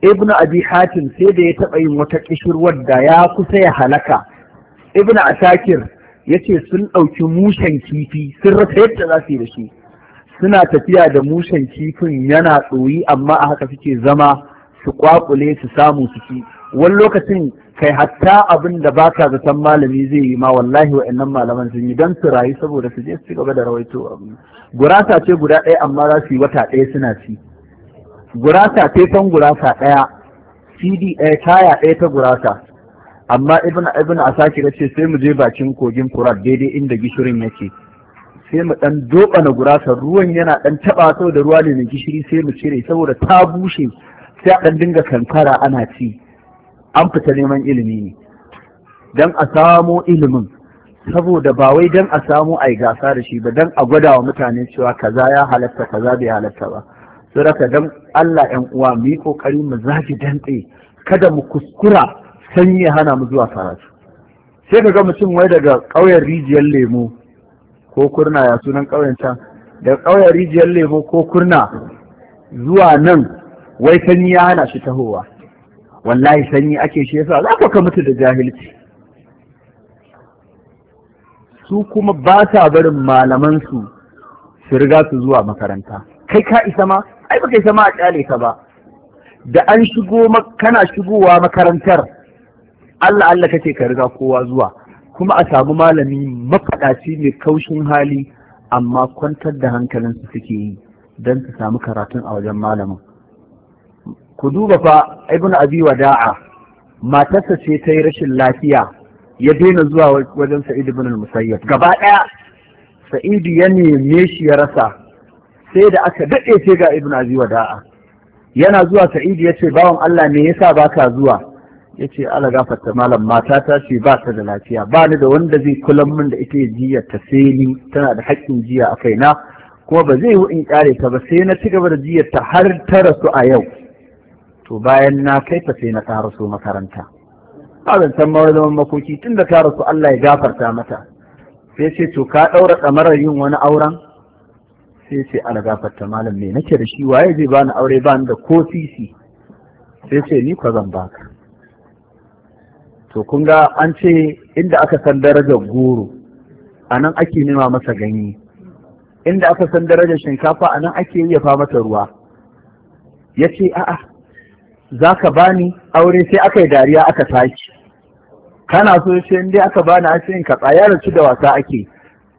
ibn abi hatim sai da ya taɓa yin wata kishirwar da ya kusa ya halaka ibn asakir ya ce sun ɗauki mushen kifi sun rasa yadda za su yi da shi suna tafiya da mushen kifin yana ɗoyi amma a haka suke zama su kwakule su samu su ci wani lokacin kai hatta abin da ba ka zaton malami zai yi ma wallahi wa'annan malaman sun yi don su rayu saboda su je su gaba da rawaito gurasa ce guda ɗaya amma za su yi wata ɗaya suna ci gurasa ce son gurasa ɗaya cd ɗaya taya ɗaya ta gurasa amma ibn ibn asaki ya ce sai mu je bakin kogin furat daidai inda gishirin yake sai mu dan na gurasa ruwan yana dan taba saboda ruwa ne na gishiri sai mu cire saboda ta bushe sai a dan dinga kankara ana ci an fita neman ilimi ne don a samo ilimin saboda ba wai don a samu a yi gasa da shi ba don a gwada wa mutane cewa kaza ya halatta kaza bai halatta ba suraka don Allah 'yan uwa mu yi kokari mu zafi dantse kada mu kuskura sanyi ya hana mu zuwa karatu sai ka ga mutum wai daga ƙauyen rijiyar lemo ko kurna ya sunan ƙauyen can daga ƙauyen rijiyar lemo ko kurna zuwa nan wai sanyi ya hana shi tahowa wallahi sanyi ake shi yasa za ka mutu da jahilci su kuma ba sa barin malamansu su riga su zuwa makaranta kai ka isa ma ai baka isa ma a kyale ka ba da an shigo kana shigowa makarantar Allah Allah kake ka riga kowa zuwa kuma a samu malami mafaɗaci mai kaushin hali amma kwantar da hankalin su suke yi don su samu karatun a wajen malamin ku duba fa ibn abi wada'a matarsa ce ta yi rashin lafiya ya daina zuwa wajen sa'id ibn al-musayyab gaba daya sa'id ya neme shi ya rasa sai da aka dade sai ga ibn abi wada'a yana zuwa sa'id ya ce bawan Allah ne yasa baka zuwa ya ce Allah gafarta malam matata ce ba ta da lafiya ba ni da wanda zai kula min da ita jiya ta sai ni tana da haƙƙin jiya a kaina kuma ba zai in ƙare ta ba sai na ci gaba da jiyar ta har ta rasu a yau to bayan na kai ta sai na karaso makaranta azantan mawazan makoki tun da ta rasu Allah ya gafarta mata sai ce to ka ɗaura ɗamarar yin wani auren sai ce ana gafarta malam me nake da shi waye zai bani aure bani da ko sisi sai ce ni kwa zan baka to kun ga an ce inda aka san darajar goro a nan ake nema masa ganye inda aka san darajar shinkafa a nan ake fa mata ruwa ya ce a'a za ka bani aure sai aka yi dariya aka tashi kana so sai dai aka bani a cikin ka tsaya da da wasa ake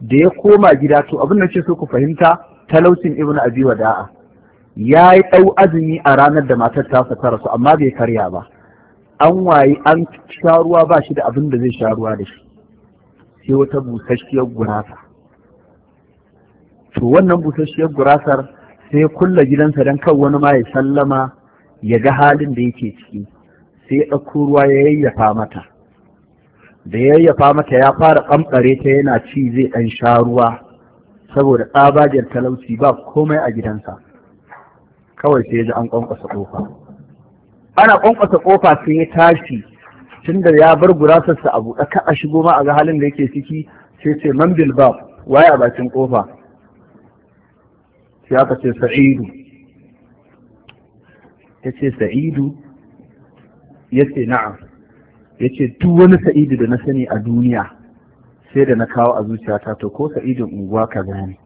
da ya koma gida to abin da ce so ku fahimta talaucin ibnu abi wada'a ya yi ɗau azumi a ranar da matar ta ta rasu amma bai karya ba an wayi an sha ruwa ba shi da abin da zai sha ruwa da shi sai wata busasshiyar gurasa to wannan busasshiyar gurasar sai kulla gidansa don kan wani ma ya sallama ya ga halin da yake ciki sai ya ɗauko ruwa ya yayyafa mata da ya yayyafa mata ya fara ɓamɓare ta yana ci zai ɗan sha ruwa saboda tsabagen talauci ba komai a gidansa kawai sai ya ji an ƙwanƙwasa ƙofa ana ƙwanƙwasa ƙofa sai ya tashi Tun da ya bar gurasarsa a buɗe ka a shigo ma a ga halin da yake ciki sai ce man bilbab Waya a bakin ƙofa sai aka ce sa'idu ta ce sa'idu ya ce na'am ya ce duk wani sa'idu da na sani a duniya sai da na kawo a zuciyata to ko sa'idun unguwa ka ne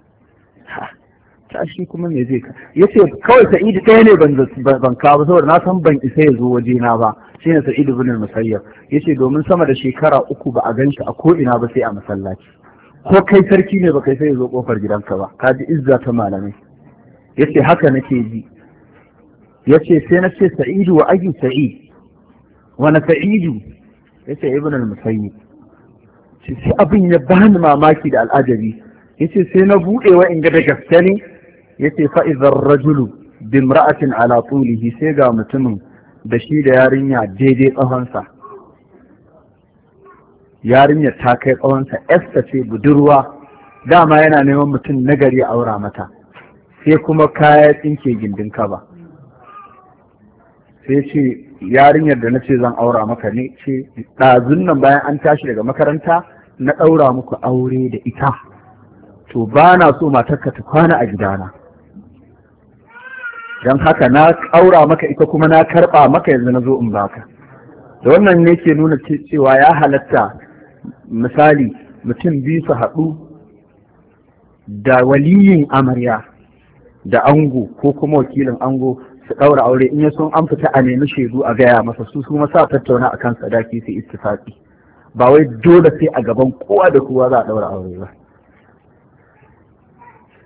ta shi kuma me zai ka ya ce kawai sa'idu ɗaya ne ban kawo saboda na san ban isa ya zo waje na ba shi ne sa'idu bin musayyar. ya ce domin sama da shekara uku ba a gan shi a ko'ina ba sai a masallaci ko kai sarki ne ba kai sai ya zo kofar gidanka ba ka ji izza ta malamai ya ce haka nake ji ya ce sai na ce sa'idu wa aji sa'id wani sa'idu ya ce ibn al-musayyib ce sai abin ya bani mamaki da al'ajabi ya ce sai na buɗe wa inga da gaske ne ya ce fa'izar rajulu bimra'atin ala tulihi sai ga mutumin da shi da yarinya daidai tsawonsa yarinyar ta kai tsawonsa esta ce budurwa dama yana neman mutum nagari aura mata sai kuma kaya tsinke gindin kaba sai ce yarinyar da na ce zan aura maka ne ce ɗazun nan bayan an tashi daga makaranta na ɗaura muku aure da ita to ba na so matarka ta kwana a gidana don haka na ƙaura maka ita kuma na karɓa maka yanzu na zo in baka da wannan ne ke nuna cewa ya halatta misali mutum biyu su haɗu da waliyin amarya da ango ko kuma wakilin ango su ɗaura aure in ya sun an fita a nemi shaidu a gaya masa su su masa tattauna akan sadaki su ittifaqi ba wai dole sai a gaban kowa da kowa za a ɗaura aure ba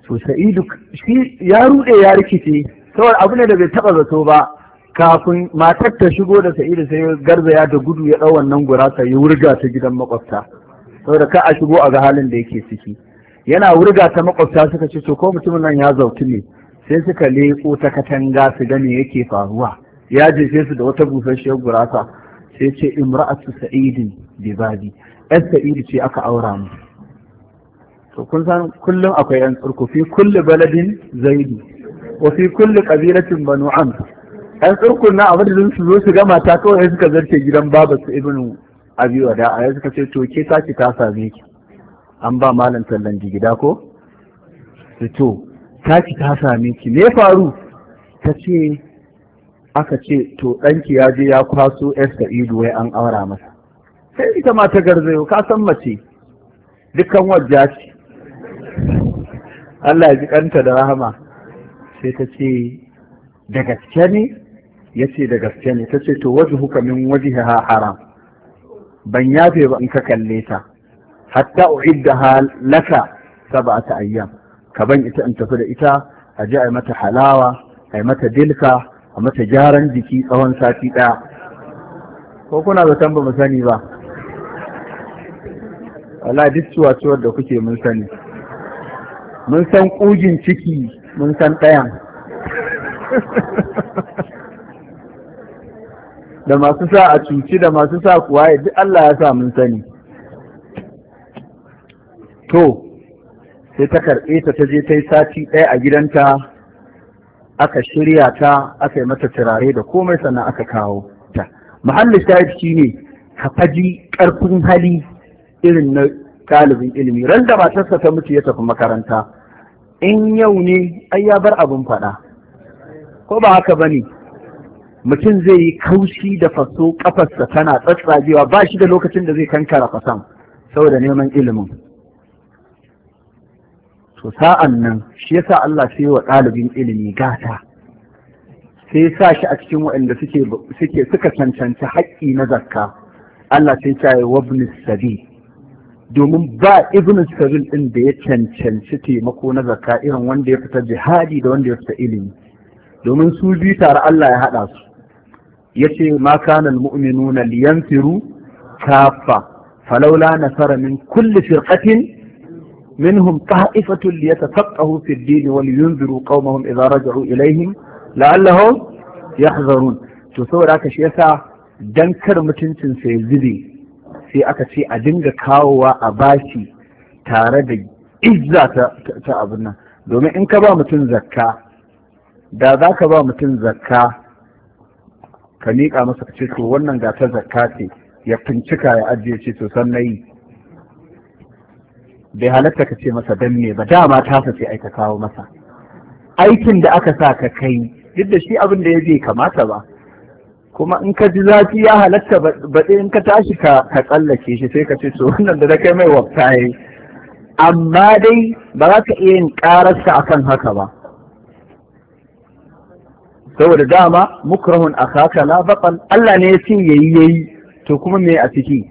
to sa'idu shi ya ruɗe ya rikice saboda abu ne da bai taɓa zato ba kafin matar ta shigo da sa'idu sai ya da gudu ya ɗau wannan gurasa ya wurga ta gidan makwabta saboda ka a shigo a ga halin da yake ciki yana wurga ta makwabta suka ce to ko mutumin nan ya zautu ne sai suka leƙo ta katanga su gane yake faruwa ya jefe su da wata busasshiyar gurasa sai ce imra'atu sa'idin bibabi ɗan sa'idu ce aka aura mu to kun san kullum akwai yan tsurku fi kulli baladin zaidi wa fi kulli qabilatin banu am yan tsurkun na abin su zo su gama ta kawai suka zarce gidan baba su ibn abi wada a suka ce to ke saki ta same ki an ba malam sallan gida ko to taki ta sami ki me faru ta ce aka ce to ɗanki ya je ya kwaso yar idu wai an aura masa sai ita ma ta garzayo ka san mace dukkan wajja ce Allah ya ji kanta da rahama sai ta ce da gaske ne ya ce da gaske ne ta ce to waje hukamin waje ha haram ban yafe ba in ka kalle ta hatta u'idda laka sab'ata ayyam kaban ban ita in tafi da ita a ji a yi mata halawa a yi mata dilka a mata gyaran jiki tsawon sati ɗaya ko kuna zaton ba mu sani ba wala duk ciwaciwar da kuke mun sani mun san ƙugin ciki mun san ɗayan *laughs* da masu sa a cuci da masu sa kuwa duk Allah ya sa mun sani to sai ta karɓe ta ta je ta yi sati ɗaya a gidanta aka shirya ta aka yi mata turare da komai sannan aka kawo ta muhalli shahid shi ne ka faji ƙarfin hali irin na ɗalibin ilimi ran da matarsa ta mutu ya tafi makaranta in yau ne ai ya bar abin faɗa ko ba haka ba ne mutum zai yi kaushi da faso ƙafarsa tana tsatsagewa ba shi da lokacin da zai kankara fasan saboda neman ilimin to sa'an nan shi yasa Allah sai wa ɗalibin ilimi gata sai sa shi a cikin waɗanda suke suka cancanci haƙƙi na zakka Allah sai ta yi wabni sabi domin ba ibn sabil ɗin da ya cancanci taimako na zakka irin wanda ya fita jihadi da wanda ya fita ilimi domin su biyu tare Allah ya haɗa su yace ma kana almu'minuna liyanfiru kafa. falaula nasara min kulli firqatin منهم طائفة ليتفقهوا في الدين ولينذروا قومهم إذا رجعوا إليهم لعلهم يحذرون تصور هكا شيء يسا دنكر متنسن في زبي في أكا شيء أدنغ كاوا أباشي تاردي إجزا تأبنا دومي إنك با متن زكا da za ka ba mutum zakka ka miƙa masa ka ce to wannan ga ta zakka ce ya fincika ya ajiye ce to san na yi bai halatta ka ce masa dan me ba dama ta sai ai ka kawo masa aikin da aka sa ka kai duk da shi abin da ya je kamata ba kuma in ka ji zafi ya halatta baɗe in ka tashi ka tsallake shi sai ka ce to wannan da kai mai wafta yi amma dai ba za ka iya yin ƙararsa akan haka ba saboda dama mukrahun akaka la baqal Allah ne ya ce yayi yayi to kuma me a ciki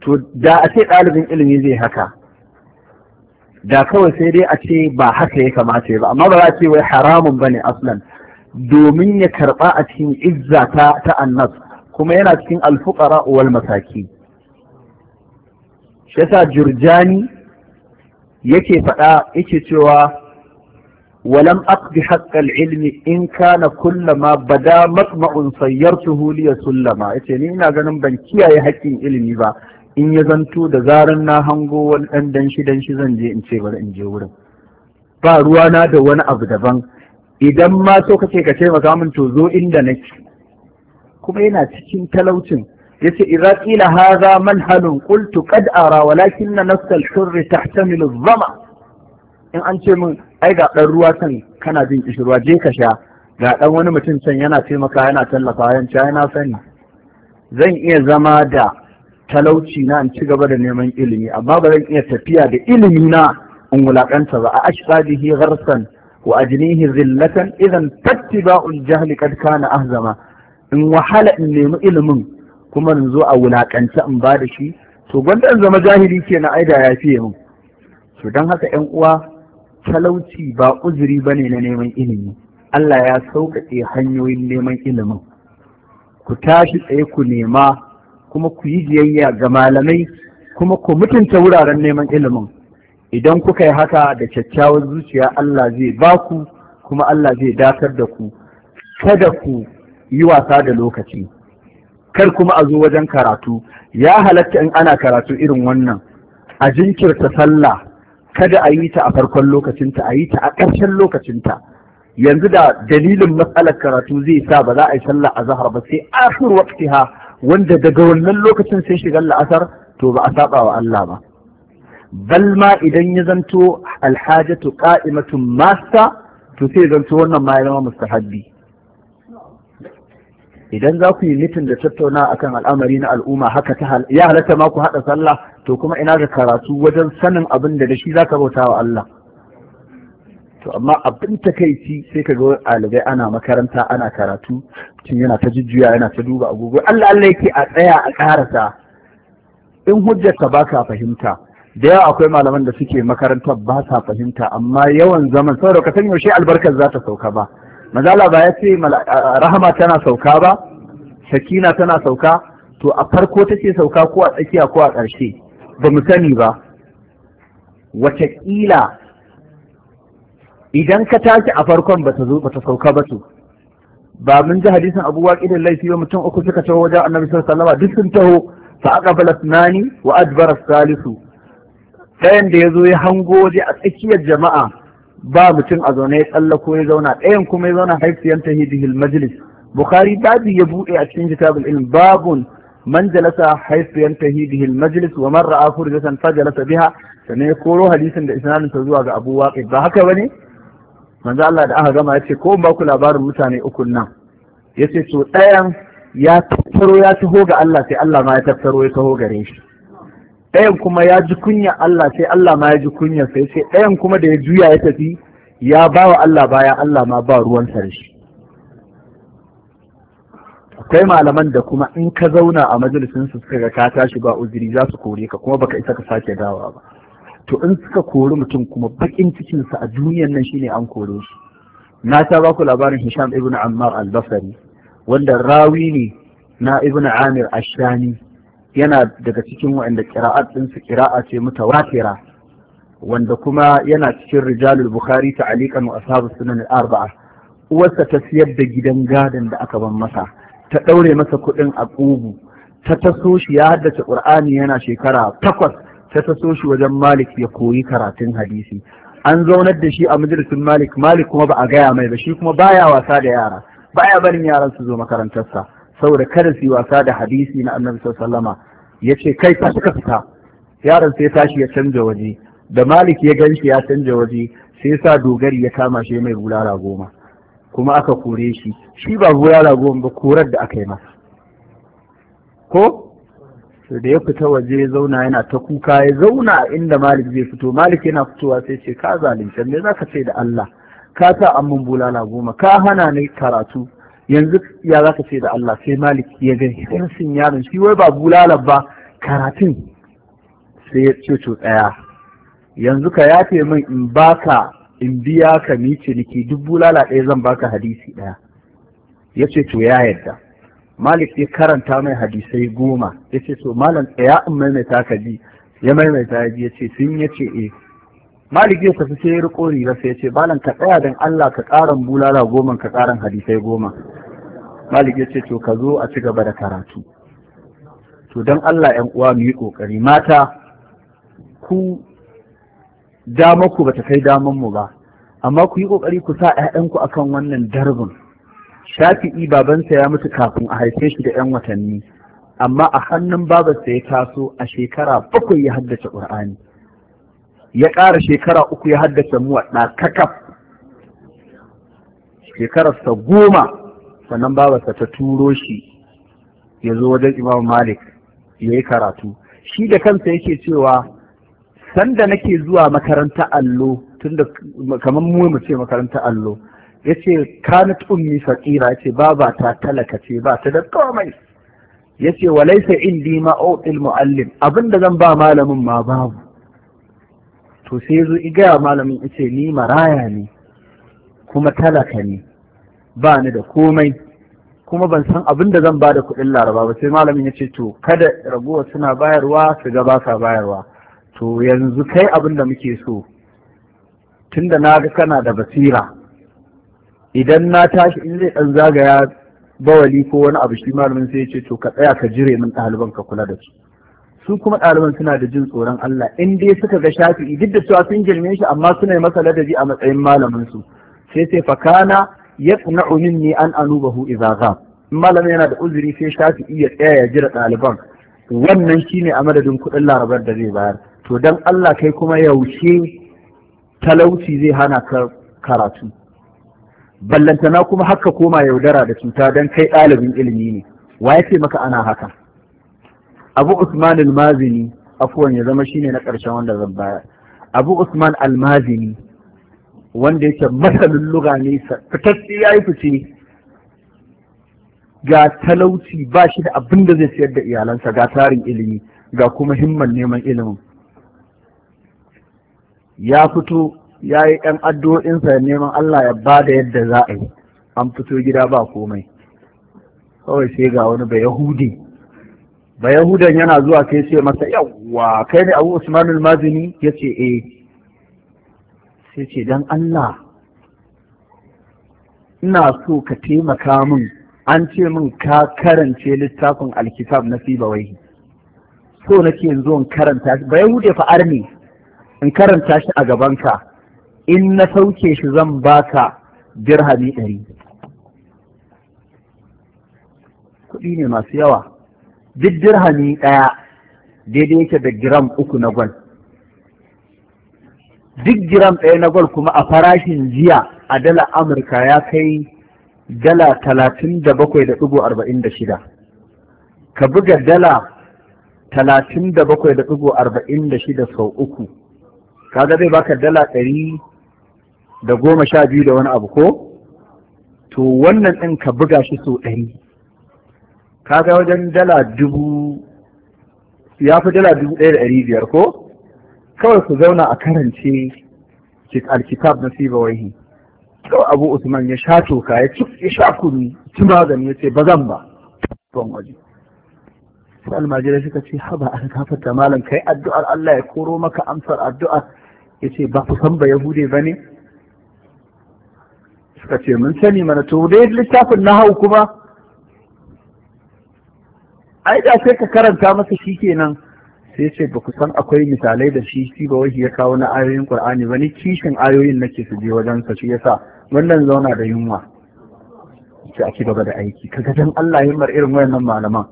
to da a ce ɗalibin ilimi zai haka da kawai sai dai a ce ba haka ya kamata ya ba amma ba za a ce wai haramun ba ne aslan domin ya karba a cikin izza ta ta annas kuma yana cikin alfukara wal masaki shi yasa jurjani yake faɗa yake cewa walam aqdi haqqa ilmi in ma kullama bada matma'un sayyar li sullama yace ni ina ganin ban kiyaye haƙƙin ilimi ba in ya zanto da zaran na hango wani ɗan dan shi zan je in ce bari in je wurin ba ruwa na da wani abu daban idan ma so kace ka taimaka min to zo inda nake kuma yana cikin talaucin yace idza qila hadha manhalun qultu qad ara walakin nafs al-hurr tahtamilu dhama in an ce min ai ga dan ruwa kan kana jin kishirwa je ka sha ga dan wani mutum can yana taimaka yana tallafa yan yana sani zan iya zama da talauci na in ci gaba da neman ilimi amma ba zan iya tafiya da ilimi na in wulakanta ba a ashqadihi gharsan wa ajnihi zillatan idan tattiba'ul jahli na kana ahzama in wahala in nemi ilimin kuma in zo a wulakanta in ba da shi to gwanda in zama jahili kenan aida ya fiye min to don haka yan uwa talauci ba uzuri ne na neman ilimi Allah ya sauƙaƙe hanyoyin neman ilimin ku tashi tsaye ku nema kuma ku yi biyayya ga malamai kuma ku mutunta wuraren neman ilimin idan kuka yi haka da kyakkyawar zuciya Allah zai ba ku kuma Allah zai dakar da ku kada ku yi wasa da lokaci kar kuma a zo wajen karatu ya halatta in ana karatu irin wannan a jinkirta sallah kada a yi ta a farkon lokacinta a yi ta a ƙarshen lokacinta yanzu da dalilin matsalar karatu zai sa ba za a yi sallah a zahar ba sai akhir waqtiha wanda daga wannan lokacin sai shigar la'asar to ba a saba wa Allah ba Balma idan ya zanto alhajatu qa'imatun masta to sai zanto wannan ma ya mustahabbi idan za ku yi mitin da tattauna akan al'amari na al'umma haka ta ya halatta ma ku haɗa sallah to kuma ina ga karatu wajen sanin abin da da shi zaka bauta wa Allah to amma abin ta takaici sai ka ga ɗalibai ana makaranta ana karatu mutum yana ta jujjuya yana ta duba agogo Allah Allah yake a tsaya a karasa in hujjarka ba ka fahimta da yawa akwai malaman da suke makaranta ba sa fahimta amma yawan zaman saboda ka san yaushe albarkar za ta sauka ba mazala ba ya ce rahama tana sauka ba sakina tana sauka to a farko take sauka ko a tsakiya ko a ƙarshe ba mu sani ba ƙila. idan ka tashi a farkon ta zo bata sauka ba su. ba mun ji hadisin abuwaki da laifi ba mutum uku suka taho wajen Annabi sallallahu alaihi wasallam duk sun taho fa aqbala thnani wa adbara salisu ɗayan da ya zo ya hango waje a tsakiyar jama'a ba mutum a zaune ya tsallako ya zauna ɗayan kuma ya zauna haifiyan tahidihil majlis bukhari babu ya buɗe a cikin kitabul ilm babun man jalasa haifiyan tahidihil majlis wa man ra'a furjatan fa jalasa biha sannan ya koro hadisin da isnadin zuwa ga abu waqid ba haka bane manzo Allah da aka gama yace ko ba ku labarin mutane uku nan yace to ɗayan ya tattaro ya taho ga Allah sai Allah ma ya tattaro ya taho gare shi ɗayan kuma ya ji kunya Allah sai Allah ma ya ji kunya sai sai ɗayan kuma da ya juya ya tafi ya ba wa Allah baya Allah ma ba ruwan sarshi akwai malaman da kuma in ka zauna a majalisinsu suka ga ka tashi ba uzuri za su kore ka kuma baka isa ka sake dawa ba to in suka kori mutum kuma bakin cikinsa a duniyar nan shine an kore su. na ta ba ku labarin Hisham ibn Ammar al-Basri wanda rawi ne na ibn Amir Ashani yana daga cikin waɗanda qira'at din su qira'a ce mutawatira wanda kuma yana cikin rijalul Bukhari ta'aliqan wa ashabu sunan al-arba'a uwarsa ta siyar da gidan gadon da aka ban masa ta ɗaure masa kuɗin a ƙugu ta taso shi ya haddace ƙur'ani yana shekara takwas ta taso shi wajen malik ya koyi karatun hadisi an zaunar da shi a majalisun malik malik kuma ba a gaya mai ba shi kuma baya wasa da yara baya barin yaran su zo makarantarsa saboda kada su yi wasa da hadisi na annabi salama ya ce kai ta suka fita yaran sai tashi ya canja waje da malik ya gan shi ya canja waje sai sa dogari ya kama shi mai gulara goma kuma aka kore shi shi ba gulara goma ba korar da aka yi masa ko sai da ya fita waje ya zauna yana ta kuka ya zauna inda malik zai fito malik yana fitowa sai ce ka zalunce me zaka ce da Allah ka sa an mun bulala goma ka hana ni karatu yanzu ya zaka ce da Allah sai malik ya ga hirsin yaron shi wai ba bulala ba karatun sai ya ce to daya yanzu ka yafe min in baka in biya ka ni ciniki duk bulala ɗaya zan baka hadisi ɗaya ya ce to ya yarda malik ya karanta mai hadisai goma ya ce so malam tsaya in maimaita ka ji ya maimaita ya ji ya ce sun ya ce e malik ya tafi sai ya riko riga sai ya ce malam ka tsaya don allah ka karan bulala goma ka karan hadisai goma malik ya ce to ka zo a ci gaba da karatu to don allah yan uwa mu yi kokari mata ku damar ku bata kai damar mu ba amma ku yi kokari ku sa 'ya'yanku akan wannan darbin shafi'i babansa ya mutu kafin a haife shi da 'yan watanni amma a hannun babarsa ya taso a shekara bakwai ya haddace ƙur'ani ya ƙara shekara uku ya haddace muwa ɗakakaf shekararsa goma sannan babarsa ta turo shi ya zo wajen imam malik ya yi karatu shi da kansa yake cewa sanda nake zuwa makaranta allo tunda kamar mu mu ce makaranta allo Ya yace kanat ummi faqira ce, baba ta talaka ce ba ta da komai Ya ce wa walaysa indi ma uqil muallim abinda zan ba malamin ma babu to sai yazo igaya malamin yace ni maraya ne kuma talaka ne ba ni da komai kuma ban san abin da zan ba da kuɗin laraba ba sai malamin ya ce to kada raguwa suna bayarwa su ga ba sa bayarwa to yanzu kai abin da muke so tunda na ga kana da basira idan na tashi in zai ɗan zagaya bawali ko wani abu shi malamin sai ce to ka tsaya ka jire min ɗaliban ka kula da su su kuma ɗaliban suna da jin tsoron Allah in dai suka ga shafi'i duk da cewa sun girme shi amma suna yi masa ladabi a matsayin malamin su sai sai fakana umin ne an anubahu idza ghab malamin yana da uzuri sai shafi'i iya tsaya ya jira ɗaliban wannan shine a madadin kuɗin larabar da zai bayar to dan Allah kai kuma yaushe talauci zai hana ka karatu ballantana kuma haka koma yaudara da cuta don kai ɗalibin ilimi ne wa ya ce maka ana haka abu usman almazini afuwan ya zama shine na ƙarshen wanda zan baya abu usman almazini wanda yake masalin luga ne fitacce ya yi fice ga talauci ba shi da abin da zai sayar da iyalansa ga tarin ilimi ga kuma himman neman ilimin ya fito ya yi ɗan addu'o'insa neman Allah ya ba da yadda za a yi an fito gida ba komai kawai sai ga wani ba yahudi ba yahudan yana zuwa kai ce masa yawwa kai ne abu usman mazini ya ce eh sai ce don Allah ina so ka taimaka min an ce min ka karance littafin alkitab na sibawai so nake yanzu in karanta shi. ba ya fa arni in karanta shi a gabanka in na sauke shi zan baka dirhami ɗari kuɗi ne masu yawa duk dirhami ɗaya daidai yake da giram uku na gwal duk giram ɗaya na gwal kuma a farashin jiya a dala amurka ya kai dala talatin da bakwai da ɗigo arba'in da shida ka buga dala talatin da bakwai da ɗigo arba'in da shida sau uku kaga zai baka dala ɗari da goma sha biyu da wani abu ko to wannan ɗin ka buga shi so ɗari Ka ga wajen dala dubu ya fi dala dubu ɗaya da ɗari biyar ko kawai ku zauna a karance alkitab na siba wahi kawai abu usman ya sha toka ya ci ya sha kuni ci magani ya ce ba zan ba ban waje sai almajirai suka ce haba an kafa malam kai addu'ar Allah ya koro maka amsar addu'ar ya ce ba ku san ba yahude ba ne suka ce mun sani mana to dai littafin na hau kuma ai da sai ka karanta masa shi kenan sai ce ba ku san akwai misalai da shi shi ba wahi ya kawo na ayoyin qur'ani ba ni kishin ayoyin nake su je wajen sa shi yasa wannan zauna da yunwa sai a ci gaba da aiki kaga dan Allah ya mar irin wayannan malaman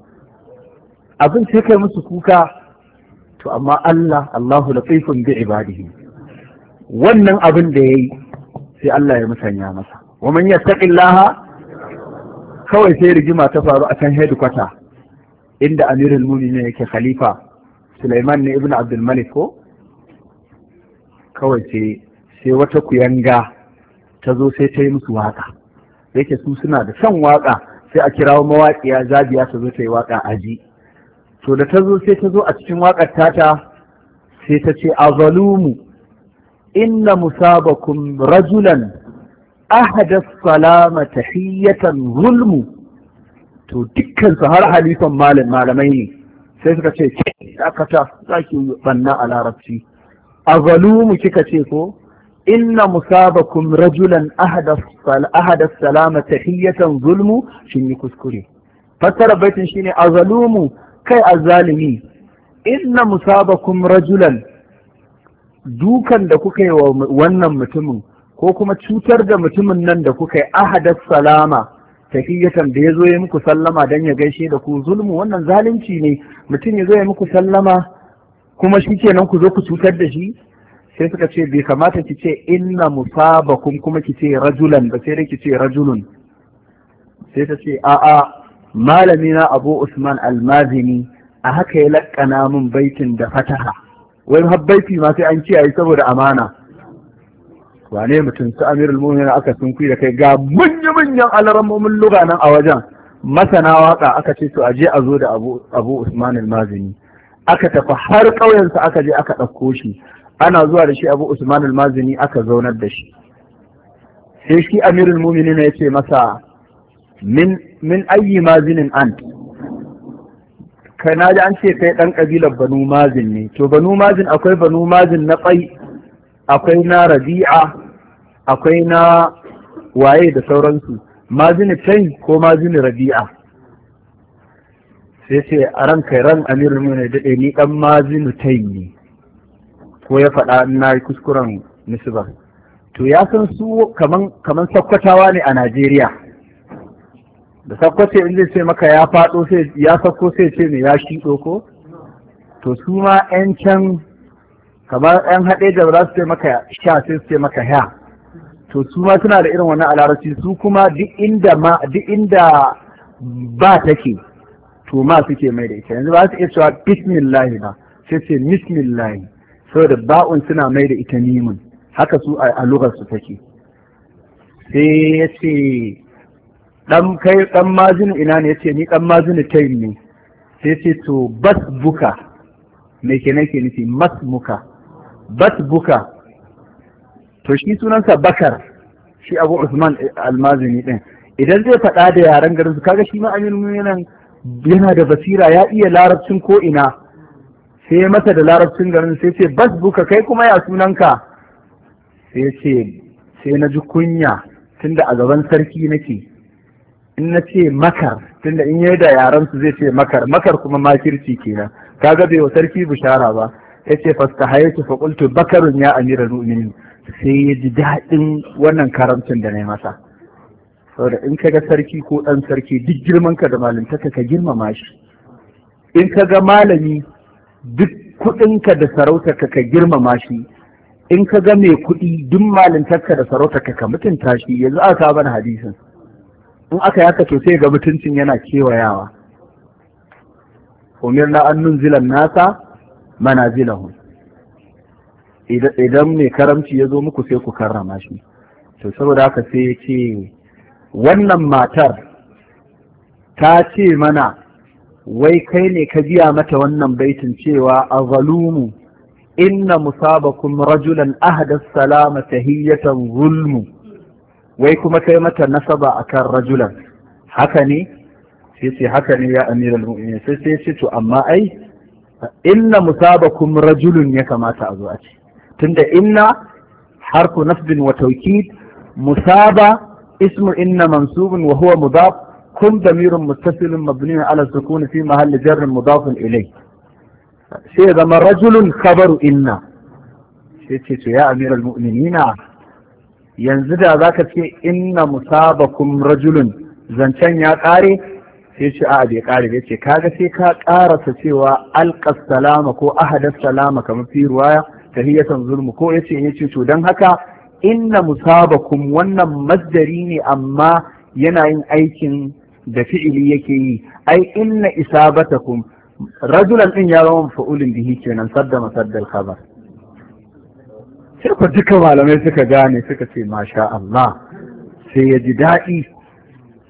abin sai kai musu kuka to amma Allah Allahu latifun bi ibadihi wannan abin da yayi sai Allah ya musanya masa wa man yattaqillaha kawai sai rigima ta faru a can hedikwata inda amirul muminin yake khalifa Sulaiman ne ibn Abdul Malik ko kawai sai sai wata kuyanga ta zo sai ta yi musu waka yake su suna da son waka sai a kirawo mawaƙiya zabiya ta zo ta yi waka aji to da ta zo sai ta zo a cikin waƙar tata sai ta ce azalumu inna musabakum rajulan ahada salama tahiyatan zulmu to dukkan har halifan malam malamai ne sai suka ce ke dakata zaki banna a larabci a zalumu kika ce ko inna musabakum rajulan ahada salama tahiyatan zulmu shin yi kuskure fassara baitin shine a zalumu kai a zalimi inna musabakum rajulan dukan da kuka yi wa wannan mutumin ko kuma cutar da mutumin nan da kuka yi ahadar salama tafiyatan da ya zo ya muku sallama don ya gaishe da ku zulmu wannan zalunci ne mutum ya zo ya muku sallama kuma shi kenan ku zo ku cutar da shi sai suka ce bai kamata ki ce inna musabakum kuma ki ce rajulan ba sai dai ki ce rajulun sai ta ce a'a malamina abu usman almazini a haka ya lakkana min baitin da fataha wai har baiti ma sai an kiyaye saboda amana wane mutum su amirul mu'minin aka sunkuyi da kai ga manya manyan alarammomin luga nan a wajen masana waka aka ce to aje a zo da abu usman mazini aka tafi har ƙauyensa aka je aka ɗauko shi ana zuwa da shi abu usman al-mazini aka zaunar da shi sai shi amirul mu'minin ya ce masa min min ayyi mazinin an. kai na ji an ce kai ɗan ƙabilar banu mazin ne to banu mazin akwai banu mazin na tsai akwai na rabi'a akwai na waye da sauransu mazini kai ko mazini rabi'a sai ce a ran kai ran amirul mu'minin daɗe ni ma mazini tai ne ko ya faɗa na kuskuren nisba to ya san su kaman kaman sakkwatawa ne a Najeriya da sakkwace in zai ce maka ya faɗo sai ya sakko sai ce ne ya shiɗo ko to su ma 'yan can kamar ɗan haɗe da za su ce maka sha sai su ce maka ya to su ma suna da irin wannan alarci su kuma duk inda ma duk inda ba take to ma suke mai da ita yanzu ba su iya cewa bismillah ba sai ce bismillah saboda ba'un suna mai da ita nimin haka su a lugar su take sai ya ce dan kai dan mazini ina ne yace ni dan mazini tayin ne sai ce to bas buka me kenan ke nufi mas muka batbuka to shi sunansa bakar shi abu usman almazini din idan zai faɗa da yaren garin su kaga shi ma aminu yana da basira ya iya larabcin ko ina sai masa da larabcin garin sai ce bas buka kai kuma ya sunanka sai ce sai na ji kunya tunda a gaban sarki nake in na ce makar tunda in yi da yaren su zai ce makar makar kuma makirci kenan kaga bai wa sarki bishara ba ya ce fastahaytu fa qultu bakarun ya amiral mu'minin sai ya ji daɗin wannan karamcin da na yi masa saboda in ka ga sarki ko ɗan sarki duk girman ka da malintaka ka girmama shi in ka ga malami duk kuɗin ka da sarautarka ka girmama shi in ka ga mai kuɗi duk malintarka da sarautarka ka mutunta shi yanzu aka kawo hadisin in aka yaka to sai ga mutuncin yana kewayawa umirna an zilan nasa manazilahum idan mai karamci ya zo muku sai ku karrama shi to saboda haka sai ya ce wannan matar ta ce mana wai kai ne ka biya mata wannan baitin cewa a zalumu inna musabakum rajulan ahda salama tahiyatan zulmu wai kuma kai mata nasaba akan rajulan haka ne sai ce haka ne ya amiral mu'minin sai sai ce to amma ai inna musabakum rajulun ya kamata a zo a ce tunda inna harfu nasbin wa taukid musaba ismu inna mansubun wa huwa mudaf kun damirun muttasilun mabniun ala sukun fi mahalli jarrin mudafun ilai sai zama rajulun kabaru inna sai ce to ya amiral mu'minina yanzu da zaka ce inna musabakum rajulun zancen ya kare sai ce a'a bai ƙare ya ce kaga sai ka ƙarasa cewa alƙas salama ko ahadas salama kamar fi ruwaya tahiyatan zulmu ko yace yace to dan haka inna musabakum wannan masdari ne amma yana yin aikin da fi'ili yake yi ai inna isabatakum rajulan din ya zama fa'ulin bihi kenan sadda masaddal khabar sai ku duka malamai suka gane suka ce masha Allah sai ya ji daɗi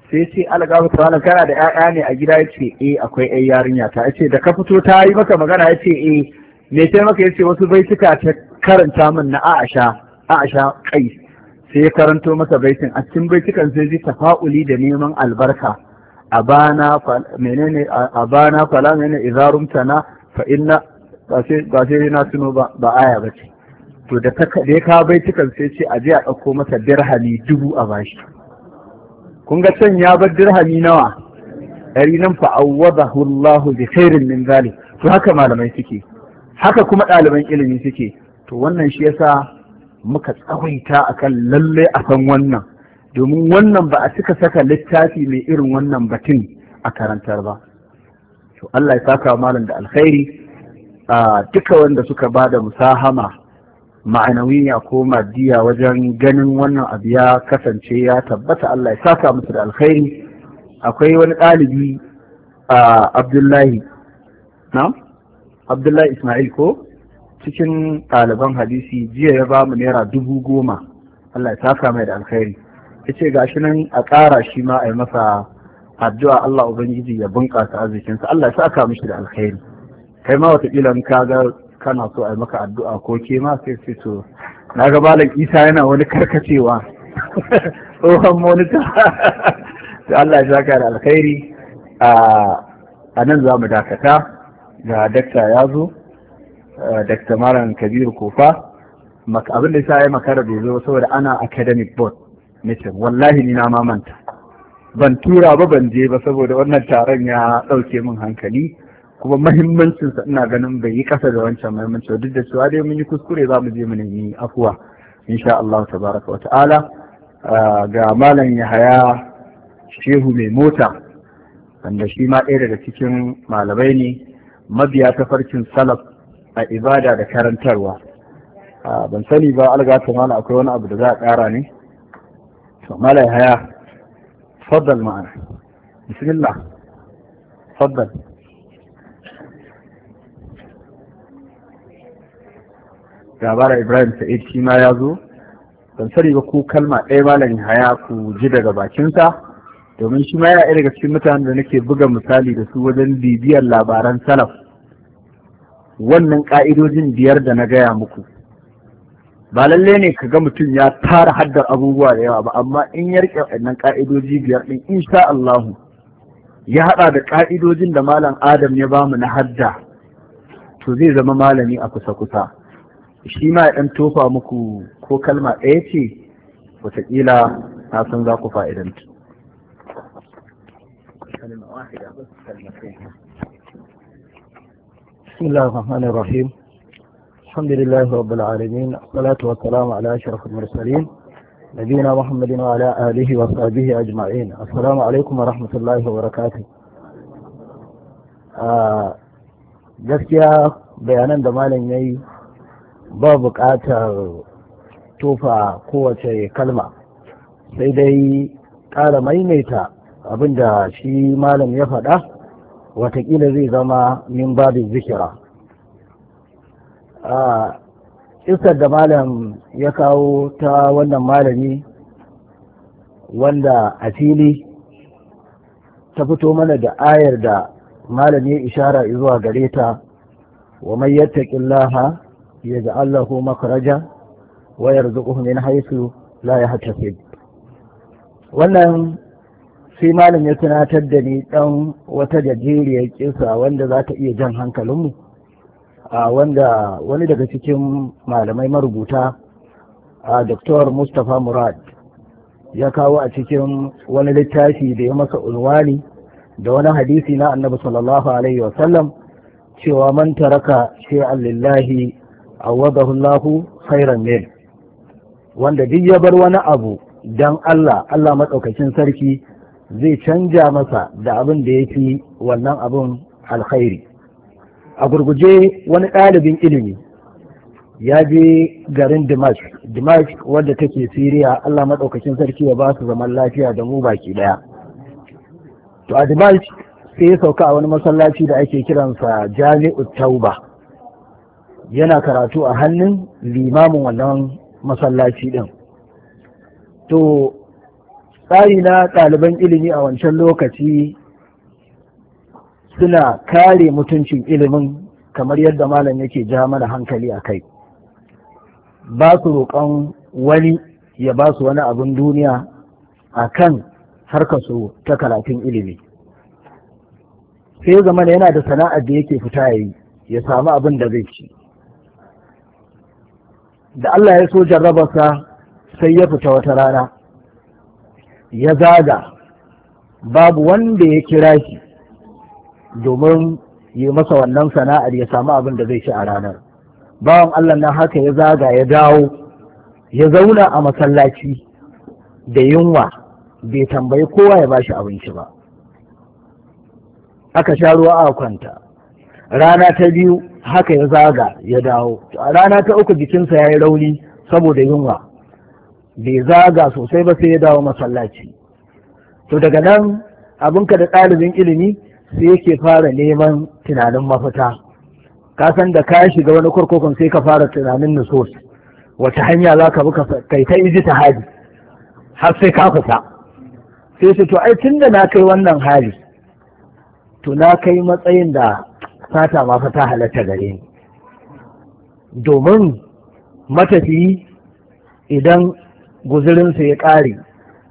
sai ce algafu tsawon kana da 'ya'ya ne a gida yace eh akwai 'yan yarinya ta yace da ka fito ta yi maka magana yace eh me sai maka yace wasu baituka ta karanta min na Aisha Aisha kai sai ya karanto masa baitin a cikin baitukan sai ji tafa'uli da neman albarka abana menene abana fala menene izarum tana fa inna ba sai na tuno ba ba aya bace to da ta ya ka baitukan sai ce aje a ɗauko masa dirhami dubu a bashi kun ga can ya bar dirhami nawa ɗari nan fa awwadahu Allah bi khairin min zalik to haka malamai suke haka kuma ɗaliban ilimi suke to wannan shi yasa muka tsawaita akan lalle a san wannan domin wannan ba a cika saka littafi mai irin wannan batun a karantar ba to Allah ya saka malam da alkhairi a ah, duka wanda suka ba da musahama ma'anawiya ko maddiya wajen ganin wannan abu ya kasance ya tabbata Allah ya saka musu da alkhairi akwai wani ɗalibi a Abdullahi na Abdullahi Ismail ko cikin ɗaliban hadisi jiya ya ba mu naira dubu goma Allah ya saka mai da alkhairi ya ce ga shi nan a ƙara shi ma a yi masa addu'a Allah Ubangiji ya bunƙasa arzikinsa Allah ya saka mishi da alkhairi kai ma wata in ka ga kana so a maka addu'a ko ke ma sai sai to na ga malam isa yana wani karkacewa *laughs* tsohon monita da *laughs* Allah ya saka da alkhairi a nan za mu dakata ga dakta ya zo dakta malam kabiru kofa abin da ya yi makara bai zo saboda ana academic board meeting wallahi ni na mamanta ban tura ba ban je ba saboda wannan taron ya ɗauke min hankali kuma mahimmancinsa ina ganin bai yi kasa da wancan mahimmanci duk da cewa dai mun yi kuskure za mu je mu nemi afuwa insha Allah tabaraka wa ta'ala ah, ga malam Yahaya Shehu mai mota wanda shi ma ɗaya daga cikin malamai ne mabiya ta farkin salaf a ibada da karantarwa ah, ban sani ba algata mana akwai wani abu da za a ƙara ne to mala Yahaya faddal ma'ana bismillah faddal gabara ibrahim sa'id shi ma ya zo ban sani ba ko kalma ɗaya malam haya ku ji daga bakinsa domin shi ma ya daga cikin mutanen da nake buga misali da su wajen bibiyar labaran salaf wannan ƙa'idojin biyar da na gaya muku ba lalle ne ka ga mutum ya tara haddar abubuwa da yawa ba amma in ya rike wannan ka'idoji biyar ɗin, insha Allahu ya haɗa da ka'idojin da malam Adam ya bamu na hadda to zai zama malami a kusa kusa shi ma ya ɗan tofa muku ko kalma ɗaya ce wataƙila na san za ku fa'idanta. بسم الله الرحمن الرحيم الحمد لله رب العالمين والصلاة والسلام على أشرف المرسلين نبينا محمد وعلى آله وصحبه أجمعين السلام عليكم ورحمة الله وبركاته gaskiya bayanan da malam ya yi ba buƙatar tufa kowace kalma sai dai ƙara maimaita abin da shi malam ya faɗa watakila zai zama min babu zikira isar da malam ya kawo ta wannan malami wanda a fili ta fito mana da ayar da malami ya ishara zuwa gare ta wa mai yattaƙin laha يجعل له مخرجا ويرزقه من حيث لا يحتسب wannan sai malam ya tunatar da ni dan wata gajeriyar kisa wanda za ta iya jan hankalinmu a wanda wani daga cikin malamai marubuta a Dr. Mustapha Murad ya kawo a cikin wani littafi da ya masa ulwani da wani hadisi na annabi sallallahu alaihi wasallam cewa man taraka shay'an lillahi awadahu Allahu khairan min wanda duk ya bar wani abu dan Allah Allah madaukakin sarki zai canja masa da abin da yafi wannan abin alkhairi a gurguje wani ɗalibin ilimi ya je garin Dimash Dimash wadda take Siriya Allah madaukakin sarki ya ba su zaman lafiya da mu baki daya to a Dimash sai ya sauka a wani masallaci da ake kiransa Jami'ut Tauba yana karatu a hannun limamin wannan masallaci ɗin to tsari na ɗaliban ilimi a wancan lokaci suna kare mutuncin ilimin kamar yadda malam yake ja mana hankali a kai ba su roƙon wani ya ba su wani abin duniya a kan harkarsu ta karatun ilimi sai zama yana da sana'ar da yake fita ya yi ya samu abin da zai ci da Allah ya so jarrabarsa sai ya fita wata rana ya zaga babu wanda ya kira shi domin yi masa wannan sana'ar ya samu abin da zai ci a ranar bawan Allah nan haka ya zaga ya dawo ya zauna a masallaci da yunwa bai tambayi kowa ya bashi abinci ba aka sha ruwa a kwanta rana ta biyu haka ya zaga ya dawo a rana ta uku jikinsa ya yi rauni saboda yunwa bai zaga sosai ba sai ya dawo masallaci to daga nan abinka da ɗalibin ilimi sai yake fara neman tunanin mafita ka san da ka shiga wani kurkukun sai ka fara tunanin nusus wata hanya za ka buka kai ta iji ta hali har sai ka fita sai su to ai tun da na kai wannan hali to na kai matsayin da sata ma fa ta halatta gare ni domin matafi idan guzurinsa ya ƙare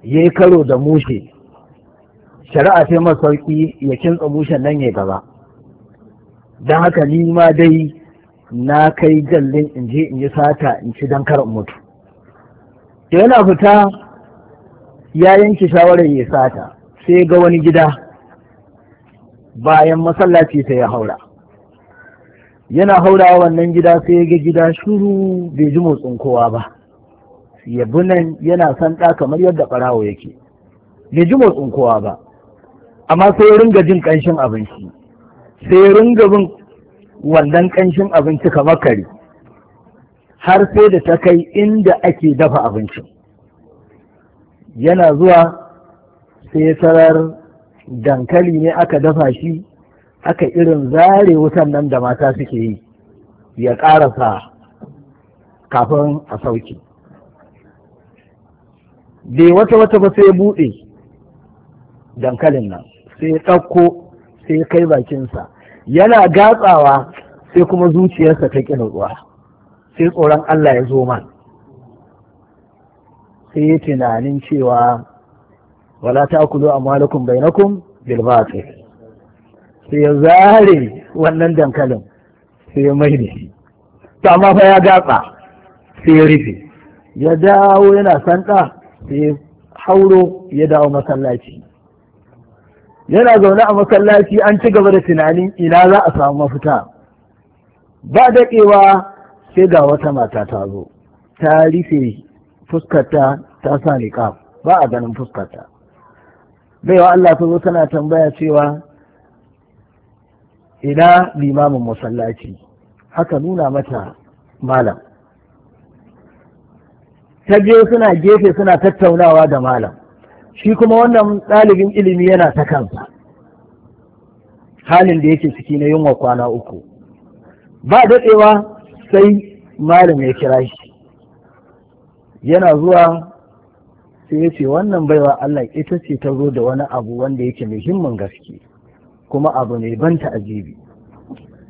ya yi karo da mushe shari'a sai masauki ya kintsa mushen nan ya gaba don haka ni ma dai na kai gallin in je in yi sata in ci don karin mutu da yana fita ya yanke shawarar ya sata sai ga wani gida bayan masallaci sai ya haura yana haurawa wannan gida sai ya ga gida shuru bai ji motsin kowa ba yabi nan yana san ɗa kamar yadda ɓarawo yake bai ji motsin kowa ba amma sai ya ringa jin ƙanshin abinci sai ya ringa bin wannan ƙanshin abinci kamar kare har sai da ta kai inda ake dafa abinci yana zuwa sai tarar dankali ne aka dafa shi aka irin zare wutan nan da mata suke yi ya ƙarasa kafin a sauki bai wata wata ba sai buɗe dankalin nan sai ɗauko sai kai bakinsa yana gatsawa sai kuma zuciyarsa ta ruwa. sai tsoron Allah ya zo man sai tunanin cewa wala ta malakun bai bainakum kun bilbatu. sai ya zare wannan dankalin sai ya mai da shi to amma fa ya gatsa sai ya rufe ya dawo yana sanda sai ya hauro ya dawo masallaci yana zaune a masallaci an ci gaba da tunani ina za a samu mafita ba daɗewa sai ga wata mata ta zo ta rufe fuskarta ta sa niqab ba a ganin fuskarta baiwa Allah ta zo tana tambaya cewa ina limamin masallaci haka nuna mata malam ta suna gefe suna tattaunawa da malam shi kuma wannan ɗalibin ilimi yana ta kansa halin da yake ciki na yunwa kwana uku ba daɗewa sai malam ya kira shi yana zuwa sai ya ce wannan baiwa Allah ita ce ta zo da wani abu wanda yake muhimmin gaske kuma abu ne ban ta'ajibi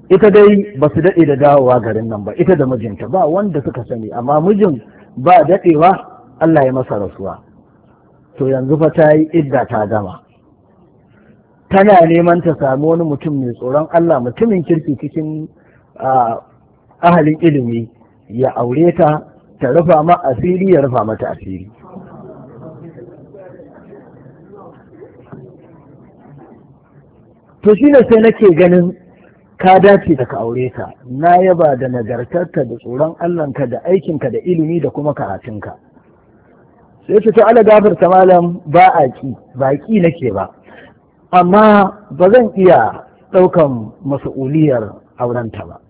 ita dai ba su daɗe da dawowa garin nan ba ita da mijinta ba wanda suka sani amma mijin ba daɗewa Allah ya masa rasuwa to yanzu fa ta yi idda ta gama tana neman ta sami wani mutum mai tsoron Allah mutumin kirki cikin ahalin ilimi ya aure ta ta rufa ma asiri ya rufa mata asiri to shi ne sai nake ganin ka dace da ka aure ta na yaba da nagartarta da tsoron ka da aikinka da ilimi da kuma karatunka sai ce to ala gafarta malam ba a ki ba ki nake ba amma ba zan iya ɗaukan masuuliyar aurenta ba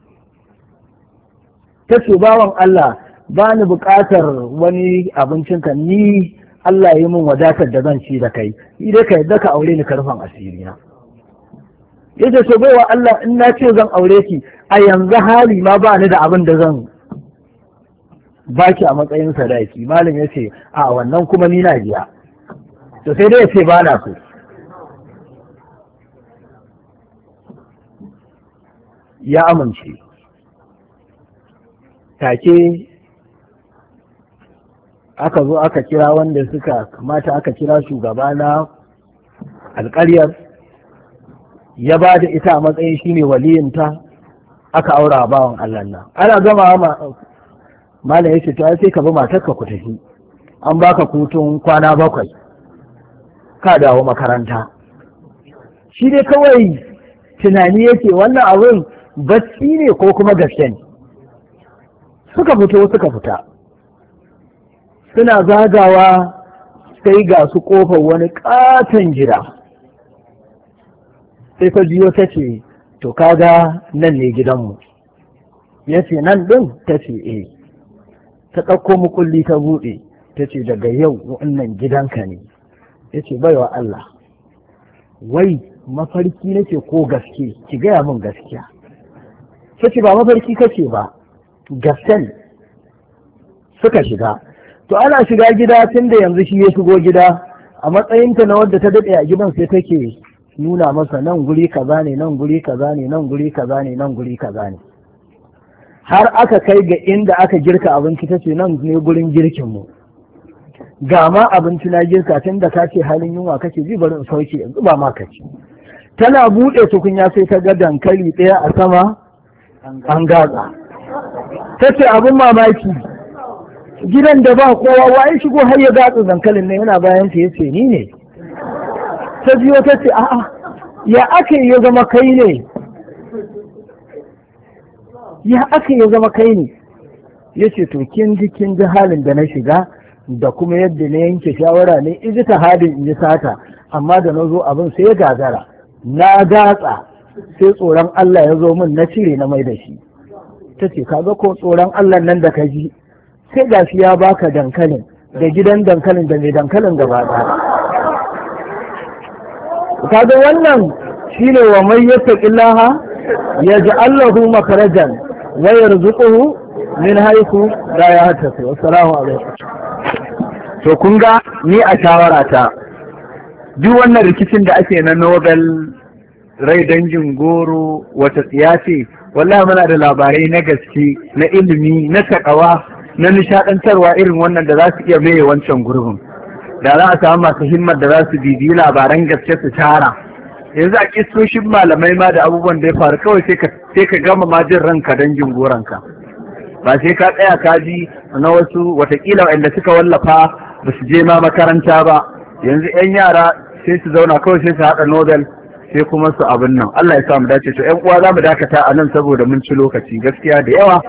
ta ce bawan Allah ba ni buƙatar wani abincinka ni Allah yi min wadatar da zan ci da kai idan ka yadda ka aure ni karfan asiri na ya ce so baiwa Allah in na ce zan aure ki a yanzu hali ma ba ni da abin da zan baki a matsayin sadaki malam ya ce a wannan kuma ni na biya to sai dai ya ce ba na so ya amince take aka zo aka kira wanda suka kamata aka kira shugaba na alƙaryar ya ba da ita a matsayin ne waliyinta aka aura bawan Allah na ana gama malam ya ce to sai ka bi matar ka tafi an baka kutun kwana bakwai ka dawo makaranta shi dai kawai tunani yake wannan abin bacci ne ko kuma gaske ne suka fito suka fita suna zagawa sai ga su kofar wani ƙaton gida sai ta biyo ta ce to kaga nan ne gidanmu ya ce nan ɗin ta ce e ta ɗauko mukulli ta buɗe ta ce daga yau wannan gidanka ne ya ce wa Allah wai mafarki nake ko gaske ki gaya min gaskiya ta ce ba mafarki kace ba gasken suka shiga to ana shiga gida tun da yanzu shi ya shigo gida a matsayinta na wadda ta daɗe a gidan sai take nuna masa nan guri kaza ne nan guri kaza ne nan guri kaza ne nan guri kaza ne har aka kai ga inda aka girka abinci ta ce nan ne gurin girkin mu ga ma abinci na girka tun da ka ce halin yunwa kake ji bari in sauke in zuba ma ce. tana buɗe tukunya sai ta ga dankali ɗaya a sama an gaza ta ce abin mamaki gidan da ba kowa wa ya shigo har ya gatsa dankalin ne yana bayan ta yace ni ne ta biyo ta ce a'a ya ake ya zama kai ne ya ake ya zama kai ne ya ce to kin ji kin ji halin da na shiga da kuma yadda na yanke shawara ne ji ta halin in yi sata amma da na zo abin sai ya gagara na gatsa sai tsoron Allah ya zo min na cire na mai da shi ta ce kaga ko tsoron Allah nan da ka ji sai gashi ya baka dankalin da gidan dankalin da mai dankalin gaba ɗaya kaga wannan shine wa mai yattaqillaha yaj'al lahu makharajan wa yarzuquhu min haythu la yahtasib assalamu alaikum to kun ga ni a shawara ta duk wannan rikicin da ake na Nobel rai dangin goro wata tsiyace wallahi muna da labarai na gaske na ilimi na takawa na nishaɗantarwa irin wannan da za su iya maye wancan gurbin da za a samu masu himmar da za su bibiyi labaran gaske su tara yanzu a kistoshin malamai ma da abubuwan da ya faru kawai sai ka gama ma jin ranka don jin goranka ba sai ka tsaya ka ji na wasu watakila waɗanda suka wallafa ba su je ma makaranta ba yanzu 'yan yara sai su zauna kawai sai su haɗa nobel sai kuma su abin nan Allah ya sa mu dace to 'yan uwa za mu dakata a nan saboda mun ci lokaci gaskiya da yawa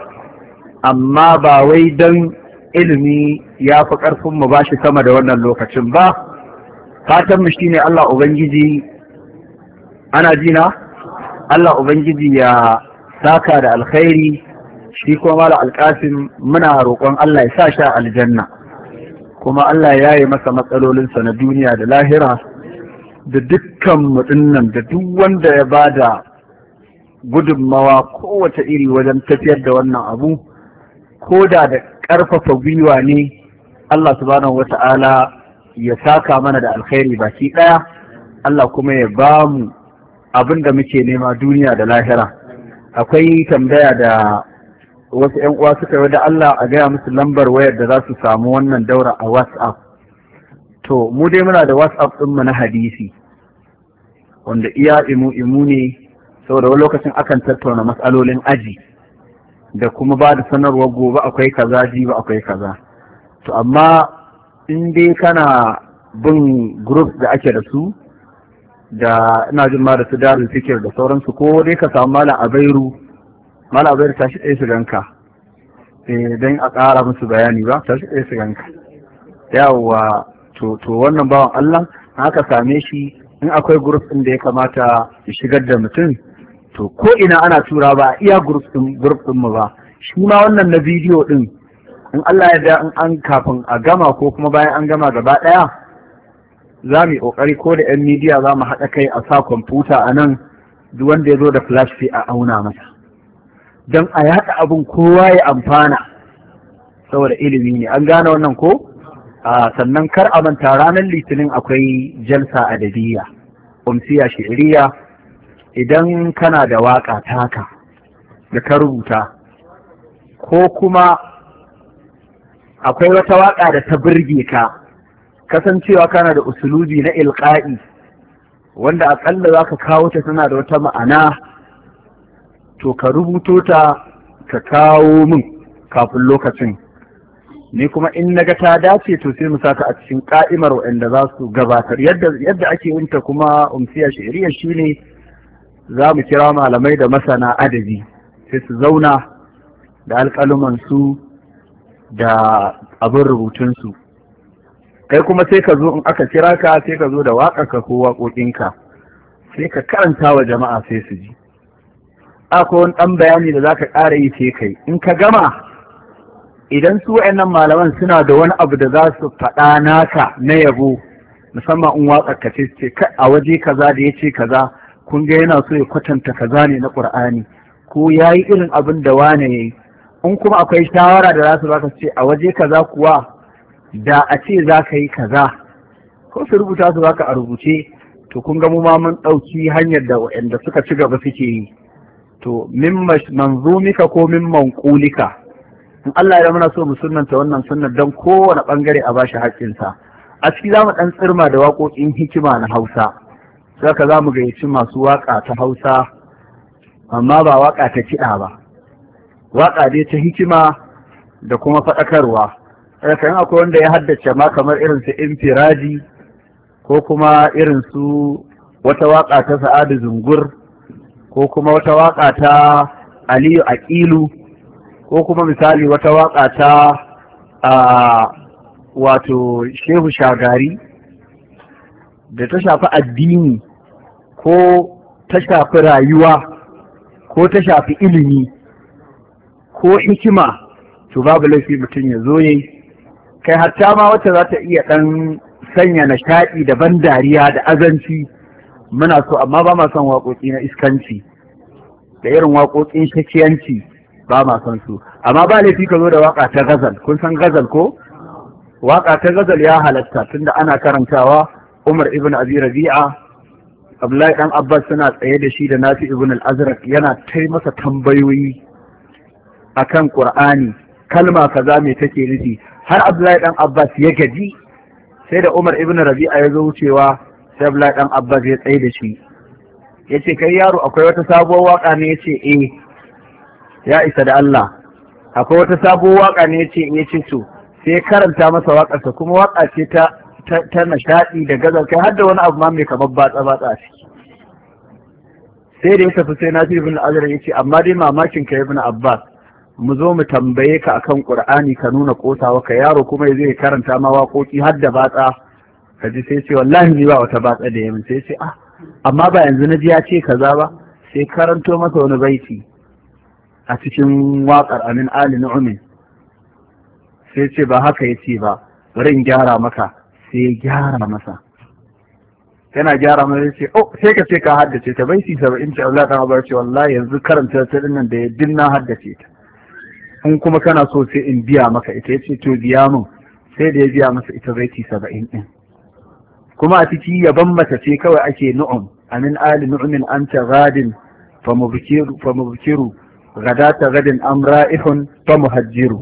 amma ba wai don ilimi ya fi ƙarfin mu ba shi sama da wannan lokacin ba fatan mu shine Allah ubangiji ana jina Allah ubangiji ya saka da alkhairi shi kuma mala alƙasim muna roƙon Allah ya sa sha aljanna kuma Allah ya yi masa matsalolinsa na duniya da lahira da dukkan mutum da duk wanda ya ba da gudunmawa kowace iri wajen tafiyar da wannan abu ko da da ƙarfafa gwiwa ne Allah subhanahu wata'ala ya saka mana da alkhairi baki ɗaya Allah kuma ya ba mu abin da muke nema duniya da lahira akwai tambaya da wasu 'yan uwa suka yi da Allah a gaya musu lambar wayar da za su samu wannan daura a WhatsApp to mu dai muna da WhatsApp mu na hadisi wanda iya imu imu ne saboda wani lokacin akan tattauna matsalolin aji da kuma ba da sanarwar gobe akwai kaza jibi akwai kaza to amma in dai kana bin group da ake da su da ina jin ma da su darin fikir da sauransu ko dai ka samu mala abairu mala abairu ta shi ɗaya su ganka eh, don a ƙara musu bayani ba ta shi ɗaya su ganka yawwa to wannan bawan Allah haka same shi in akwai group ɗin da ya kamata ya shigar da mutum to ko ina ana tura ba iya group din mu ba shi ma wannan na bidiyo din in Allah ya da in an kafin a gama ko kuma bayan an gama gaba ɗaya, za mu yi ƙoƙari ko da yan midiya za mu haɗa kai a sa kwamfuta a nan duk wanda ya zo da flash sai a auna masa don a yaɗa abun kowa ya amfana saboda ilimi ne an gane wannan ko sannan kar a manta ranar litinin akwai jalsa adabiyya umsiya shiriya idan kana da waƙa taka da ka rubuta ko kuma akwai wata waƙa da ta birge ka kasancewa kana da usuluji na ilƙa'i wanda aƙalla za ka kawo ta tana da wata ma'ana to ka rubuto ta ka kawo min kafin lokacin ni kuma in naga ta dace to sai mu saka a cikin ka'imar waɗanda za su gabatar yadda ake yin ta kuma umsiya shi ne. za mu kira malamai da masana adabi sai su zauna da alƙalumansu da abin rubutunsu kai kuma sai ka zo in aka kira ka sai ka zo da waƙarka ko waƙoƙinka sai ka karanta wa jama'a sai su ji akwai wani ɗan bayani da za ka ƙara yi sai kai in ka gama idan su wa'annan malaman suna da wani abu da za su faɗa naka na yabo musamman in ka ce a waje kaza da ya ce kaza kun ga yana so ya kwatanta kaza ne na qur'ani ko yayi irin abin da wane yayi in kuma akwai shawara da za su baka ce a waje kaza kuwa da a ce za ka yi kaza ko su rubuta su baka a rubuce to kun ga mu ma mun ɗauki hanyar da waɗanda suka ci gaba suke yi to min manzumika ko min manqulika in Allah ya muna so mu sunnanta wannan sunnar dan kowane ɓangare a bashi haƙƙinsa a ciki za mu ɗan tsirma da waƙoƙin hikima na Hausa saka za mu gayyaci masu waƙa ta hausa amma ba waƙa ta kiɗa ba waƙa dai ta hikima da kuma faɗakarwa kan akwai wanda ya haddace ma kamar irin su infiraji ko kuma irin su wata waƙa ta sa'adu zungur ko kuma wata waƙa ta aliyu aƙilu ko kuma misali wata waƙa ta wato shehu shagari da ta shafi addini ko ta shafi rayuwa ko ta shafi ilimi ko hikima to babu laifi mutum ya zo yayi kai hatta ma wacce za ta iya ɗan sanya nishaɗi da ban dariya da azanci muna so amma ba ma son waƙoƙi na iskanci da irin waƙoƙin shakiyanci ba ma son su amma ba laifi ka zo da waƙa ta gazal kun san gazal ko waƙa ta gazal ya halatta tunda ana karantawa umar ibn abi rabi'a Abdullahi ɗan Abbas suna tsaye da shi da Nafi ibn al-Azraq yana tai masa tambayoyi akan Qur'ani kalma kaza me take nufi har Abdullahi ɗan Abbas ya gaji sai da Umar ibn Rabi'a ya zo wucewa sai Abdullahi ɗan Abbas ya tsaye da shi yace kai yaro akwai wata sabuwar waka ne yace eh ya isa da Allah akwai wata sabuwar waka ne yace eh ce to sai karanta masa waƙarsa kuma waƙa ce ta ta nishaɗi da gaza kai har da wani abu ma mai kamar batsa batsa a sai da ya tafi sai na jirgin azhar ya ce amma dai mamakin ka ibn abbas mu zo mu tambaye ka a kan qur'ani ka nuna kosawa ka yaro kuma ya zai karanta ma waƙoƙi har da batsa ka ji sai ce wallahi ni ba wata batsa da yamin sai ce ah amma ba yanzu na ji ya ce kaza ba sai karanto masa wani baiti a cikin waƙar amin ali nu'min sai ce ba haka ya ce ba bari gyara maka sai ya gyara masa yana gyara masa ce oh sai ka ce ka haddace ta bai si saba'in ce Allah ta abarci wallahi yanzu karanta ta nan da ya dinna haddace ta in kuma kana so sai in biya maka ita ya ce to biya mun sai da ya biya masa ita bai baiti saba'in ɗin. kuma a ciki yaban mata ce kawai ake nu'um amin ali nu'min anta gadin fa mubkiru fa gadin amra'ihun Famuhajjiru.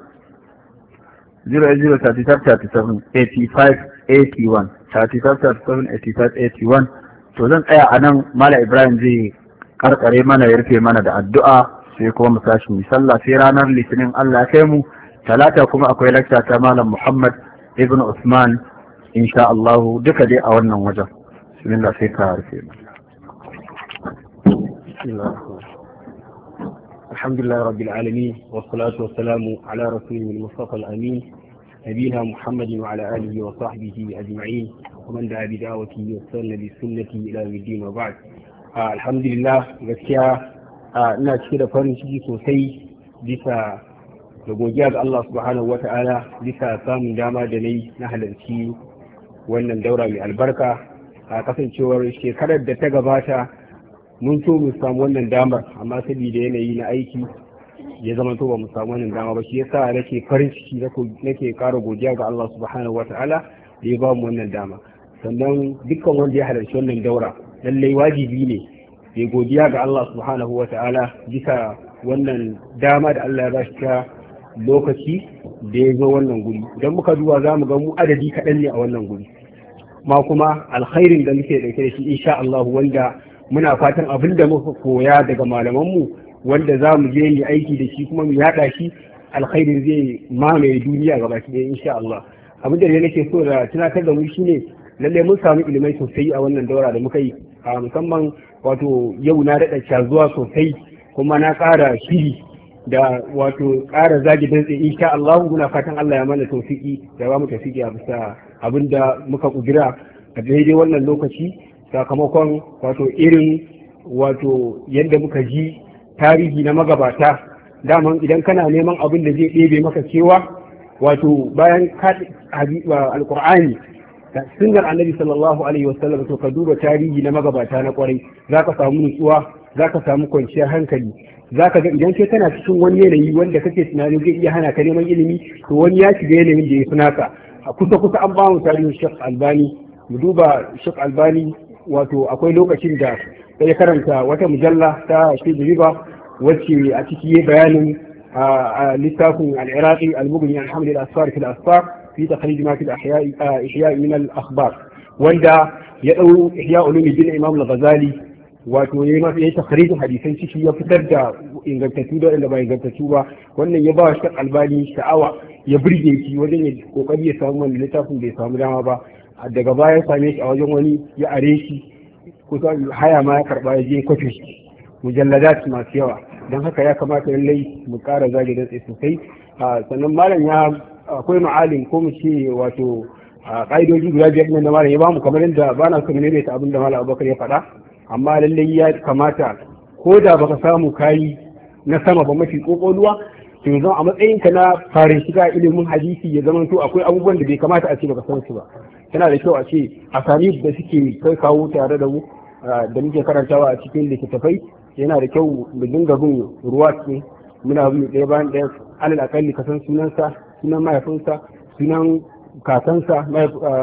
00373781 to zan tsaya a nan mala ibrahim zai karkare mana ya rufe mana da addu'a sai kuma mu tashi mu sallah sai ranar litinin Allah kai mu talata kuma akwai lakta ta malam muhammad ibn usman insha Allah duka dai a wannan wajen bismillah sai ka rufe mana الحمد لله رب العالمين والصلاة والسلام على رسوله المصطفى الأمين نبينا محمد وعلى آله وصحبه أجمعين ومن دعا بدعوته واستنى بسنته إلى يوم الدين وبعد آه الحمد لله gaskiya ah, ina cike da farin ciki sosai bisa da ga Allah subhanahu wa ta'ala bisa samun dama da nayi na halarci wannan daura mai albarka a ah, kasancewar shekarar da ta gabata mun so mu samu wannan damar amma saboda yanayi na aiki ya zama to ba mu samu wannan dama ba shi yasa nake farin ciki nake ƙara godiya ga Allah subhanahu wataala da ya ba mu wannan dama sannan dukkan wanda ya halarci wannan daura lallai wajibi ne ya godiya ga Allah subhanahu wataala bisa wannan dama da Allah ya ba ta lokaci da ya zo wannan guri idan muka duba za mu ga mu adadi kaɗan ne a wannan guri ma kuma alkhairin da muke ɗauke da shi insha Allah wanda muna fatan abin da muka koya daga malamanmu wanda za mu je yi aiki da shi kuma mu yaɗa shi alkhairin zai mamaye duniya ga baki ɗaya insha Allah abin da nake so da tunatar da mu shine lallai mun samu ilimai sosai a wannan daura da muka yi a musamman wato yau na daɗa cazuwa sosai kuma na ƙara shiri da wato ƙara zagi dantse insha Allah muna fatan Allah ya mana tofiki da ba mu tafiki a bisa abin da muka kudura a daidai wannan lokaci sakamakon wato irin wato yadda muka ji tarihi na magabata daman idan kana neman abin da zai ɗebe maka cewa wato bayan da sunnar annabi sallallahu alaihi wasallam to ka duba tarihi na magabata na kwarai ka samu nutsuwa za ka samu kwanciyar hankali zaka ga idan ke kana cikin wani yanayi wanda kake tunanin zai iya hana ka neman ilimi to wani ya shiga yanayin da ya fi naka a kusa kusa an ba mu tarihin shek Albani mu duba shek Albani wato akwai lokacin da ya karanta wata mujalla ta shi riba wacce a ciki ya bayanin littafin al-iraqi al-mughni alhamdulillah asfar fil asfar fi takhrij ma fil ihya min al-akhbar wanda ya dau ihya ulumuddin imam al-ghazali wato ya ma ya takhrijin hadisan ciki ya fitar da ingantattu da inda ba ingantattu ba wannan ya ba shi albani sha'awa ya burge shi wajen ya kokari ya samu wannan littafin bai samu dama ba daga baya same shi a wajen wani ya are shi kusa haya ma ya karba ya je kwafi mujalladat masu yawa don haka ya kamata lai mu kara zage da sosai sannan malam ya akwai ma'alin ko mu ce wato ƙa'idoji guda biyar nan da malam ya bamu kamar yadda ba na so mu maimaita abin da malam abubakar ya faɗa amma lallai ya kamata ko da baka samu kayi na sama ba mafi ƙoƙoluwa to zan a matsayinka na farin shiga ilimin hadisi ya zama to akwai abubuwan da bai kamata a ce baka san su ba yana da kyau a ce a sami da suke kai kawo tare da mu da muke karantawa a cikin littattafai yana da kyau mu dinga bin ruwa ce muna bin ɗaya bayan ɗaya alal akalli ka san sunansa sunan mahaifinsa sunan kakansa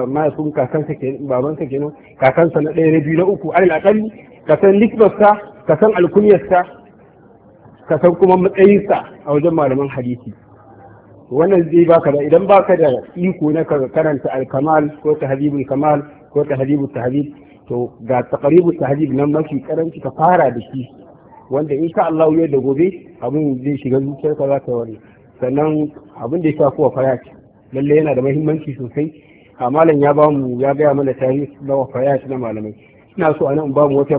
mahaifin kakansa ke babansa kenan kakansa na ɗaya na biyu na uku alal akalli ka san nisbarsa ka san alkunyarsa ka san kuma matsayinsa a wajen malaman hadisi wannan zai baka da idan baka da iko na karanta al-kamal ko tahdhibul kamal ko tahdhibut tahdhib to ga taqribut tahdhib nan mafi karanci ka fara da shi wanda insha Allah yau da gobe abin zai shiga zuciyarka za ta wani sannan abin da ya shafi wa fayat lalle yana da muhimmanci sosai a malam ya bamu ya gaya mana tarihi na wa na malamai ina so anan bamu wata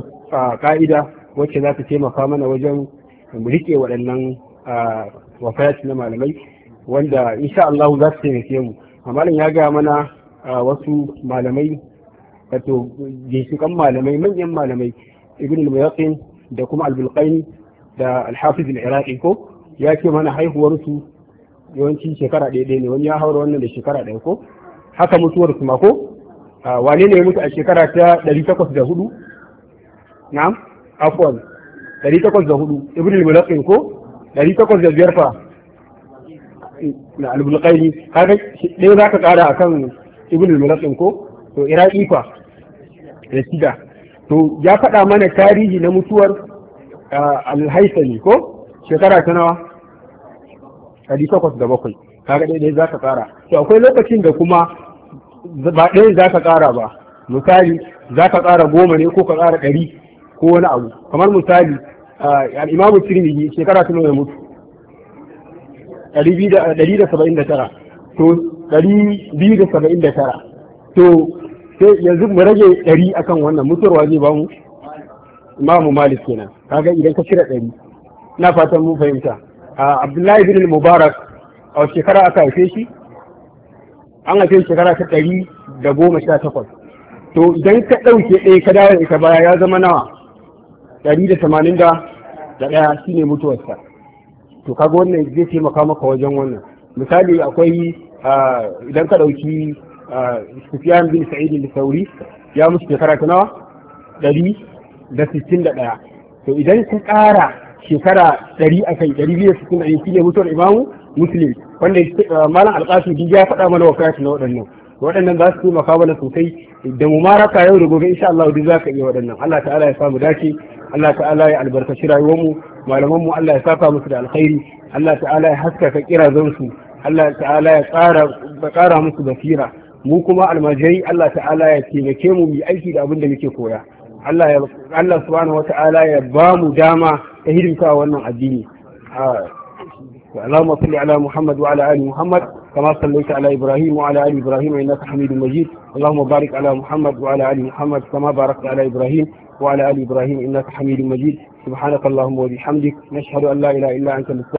ka'ida wacce za ta taimaka mana wajen mu rike waɗannan wafayat na malamai wanda insha Allah za su taimake mu amma ya ga mana wasu malamai wato ginshikan malamai manyan malamai ibn al-muyaqin da kuma al bulqain da al-hafiz al-iraqi ko ya ce mana haihuwar su yawanci shekara ɗaya ne wani ya haura wannan da shekara ɗaya ko haka mutuwar su ma ko wane ne ya mutu a shekara ta 804 na'am afwan 804 ibn al-muyaqin ko 805 fa na albulqaini kaga ɗaya za ka ƙara a kan ibn al ko to iraki fa da shida to ya faɗa mana tarihi na mutuwar alhaisani ko shekara ta nawa ɗari takwas da bakwai kaga dai za ka ƙara to akwai lokacin da kuma ba ɗaya za ka ƙara ba misali za ka ƙara goma ne ko ka ƙara ɗari ko wani abu kamar misali al'imamu tirmidhi shekara ta nawa ya mutu 279 to 279 to sai yanzu mu rage 100 akan wannan mutuwar zai ba mu imamu malik kenan kaga idan ka cire 100 na fatan mun fahimta A abdullahi bin mubarak a shekara aka haife shi an haife shekara ta ɗari da goma sha takwas to idan ka ɗauke ɗaya ka dawo ita baya ya zama nawa ɗari da tamanin da ɗaya shine mutuwarsa to kaga wannan zai taimaka maka wajen wannan misali akwai idan ka ɗauki Sufyan bin Sa'id bin sauri ya musu shekara ta nawa dari da sittin da ɗaya to idan ka ƙara shekara dari a kan ɗari biyu sittin da ɗaya shine mutuwar imamu muslim wanda malam alƙasu ya faɗa mana wakati na waɗannan waɗannan za su taimaka mana sosai da mu maraka yau da gobe insha Allah duk za ka iya waɗannan Allah ta'ala ya samu dace Allah ta'ala ya albarkaci rayuwarmu malaman mu Allah ya saka musu da alkhairi Allah ta'ala ya haskaka kirazansu Allah ta'ala ya ƙara musu basira mu kuma almajirai Allah ta'ala ya taimake mu mu aiki da abin da muke koya Allah ya Allah subhanahu wata'ala ya ba mu dama ta hidimta wannan addini اللهم صل على محمد وعلى ال محمد كما صليت على ابراهيم وعلى ال ابراهيم انك حميد مجيد اللهم بارك على محمد وعلى ال محمد كما باركت على ابراهيم وعلى ال ابراهيم انك حميد مجيد سبحانك اللهم وبحمدك نشهد أن لا إله إلا أنت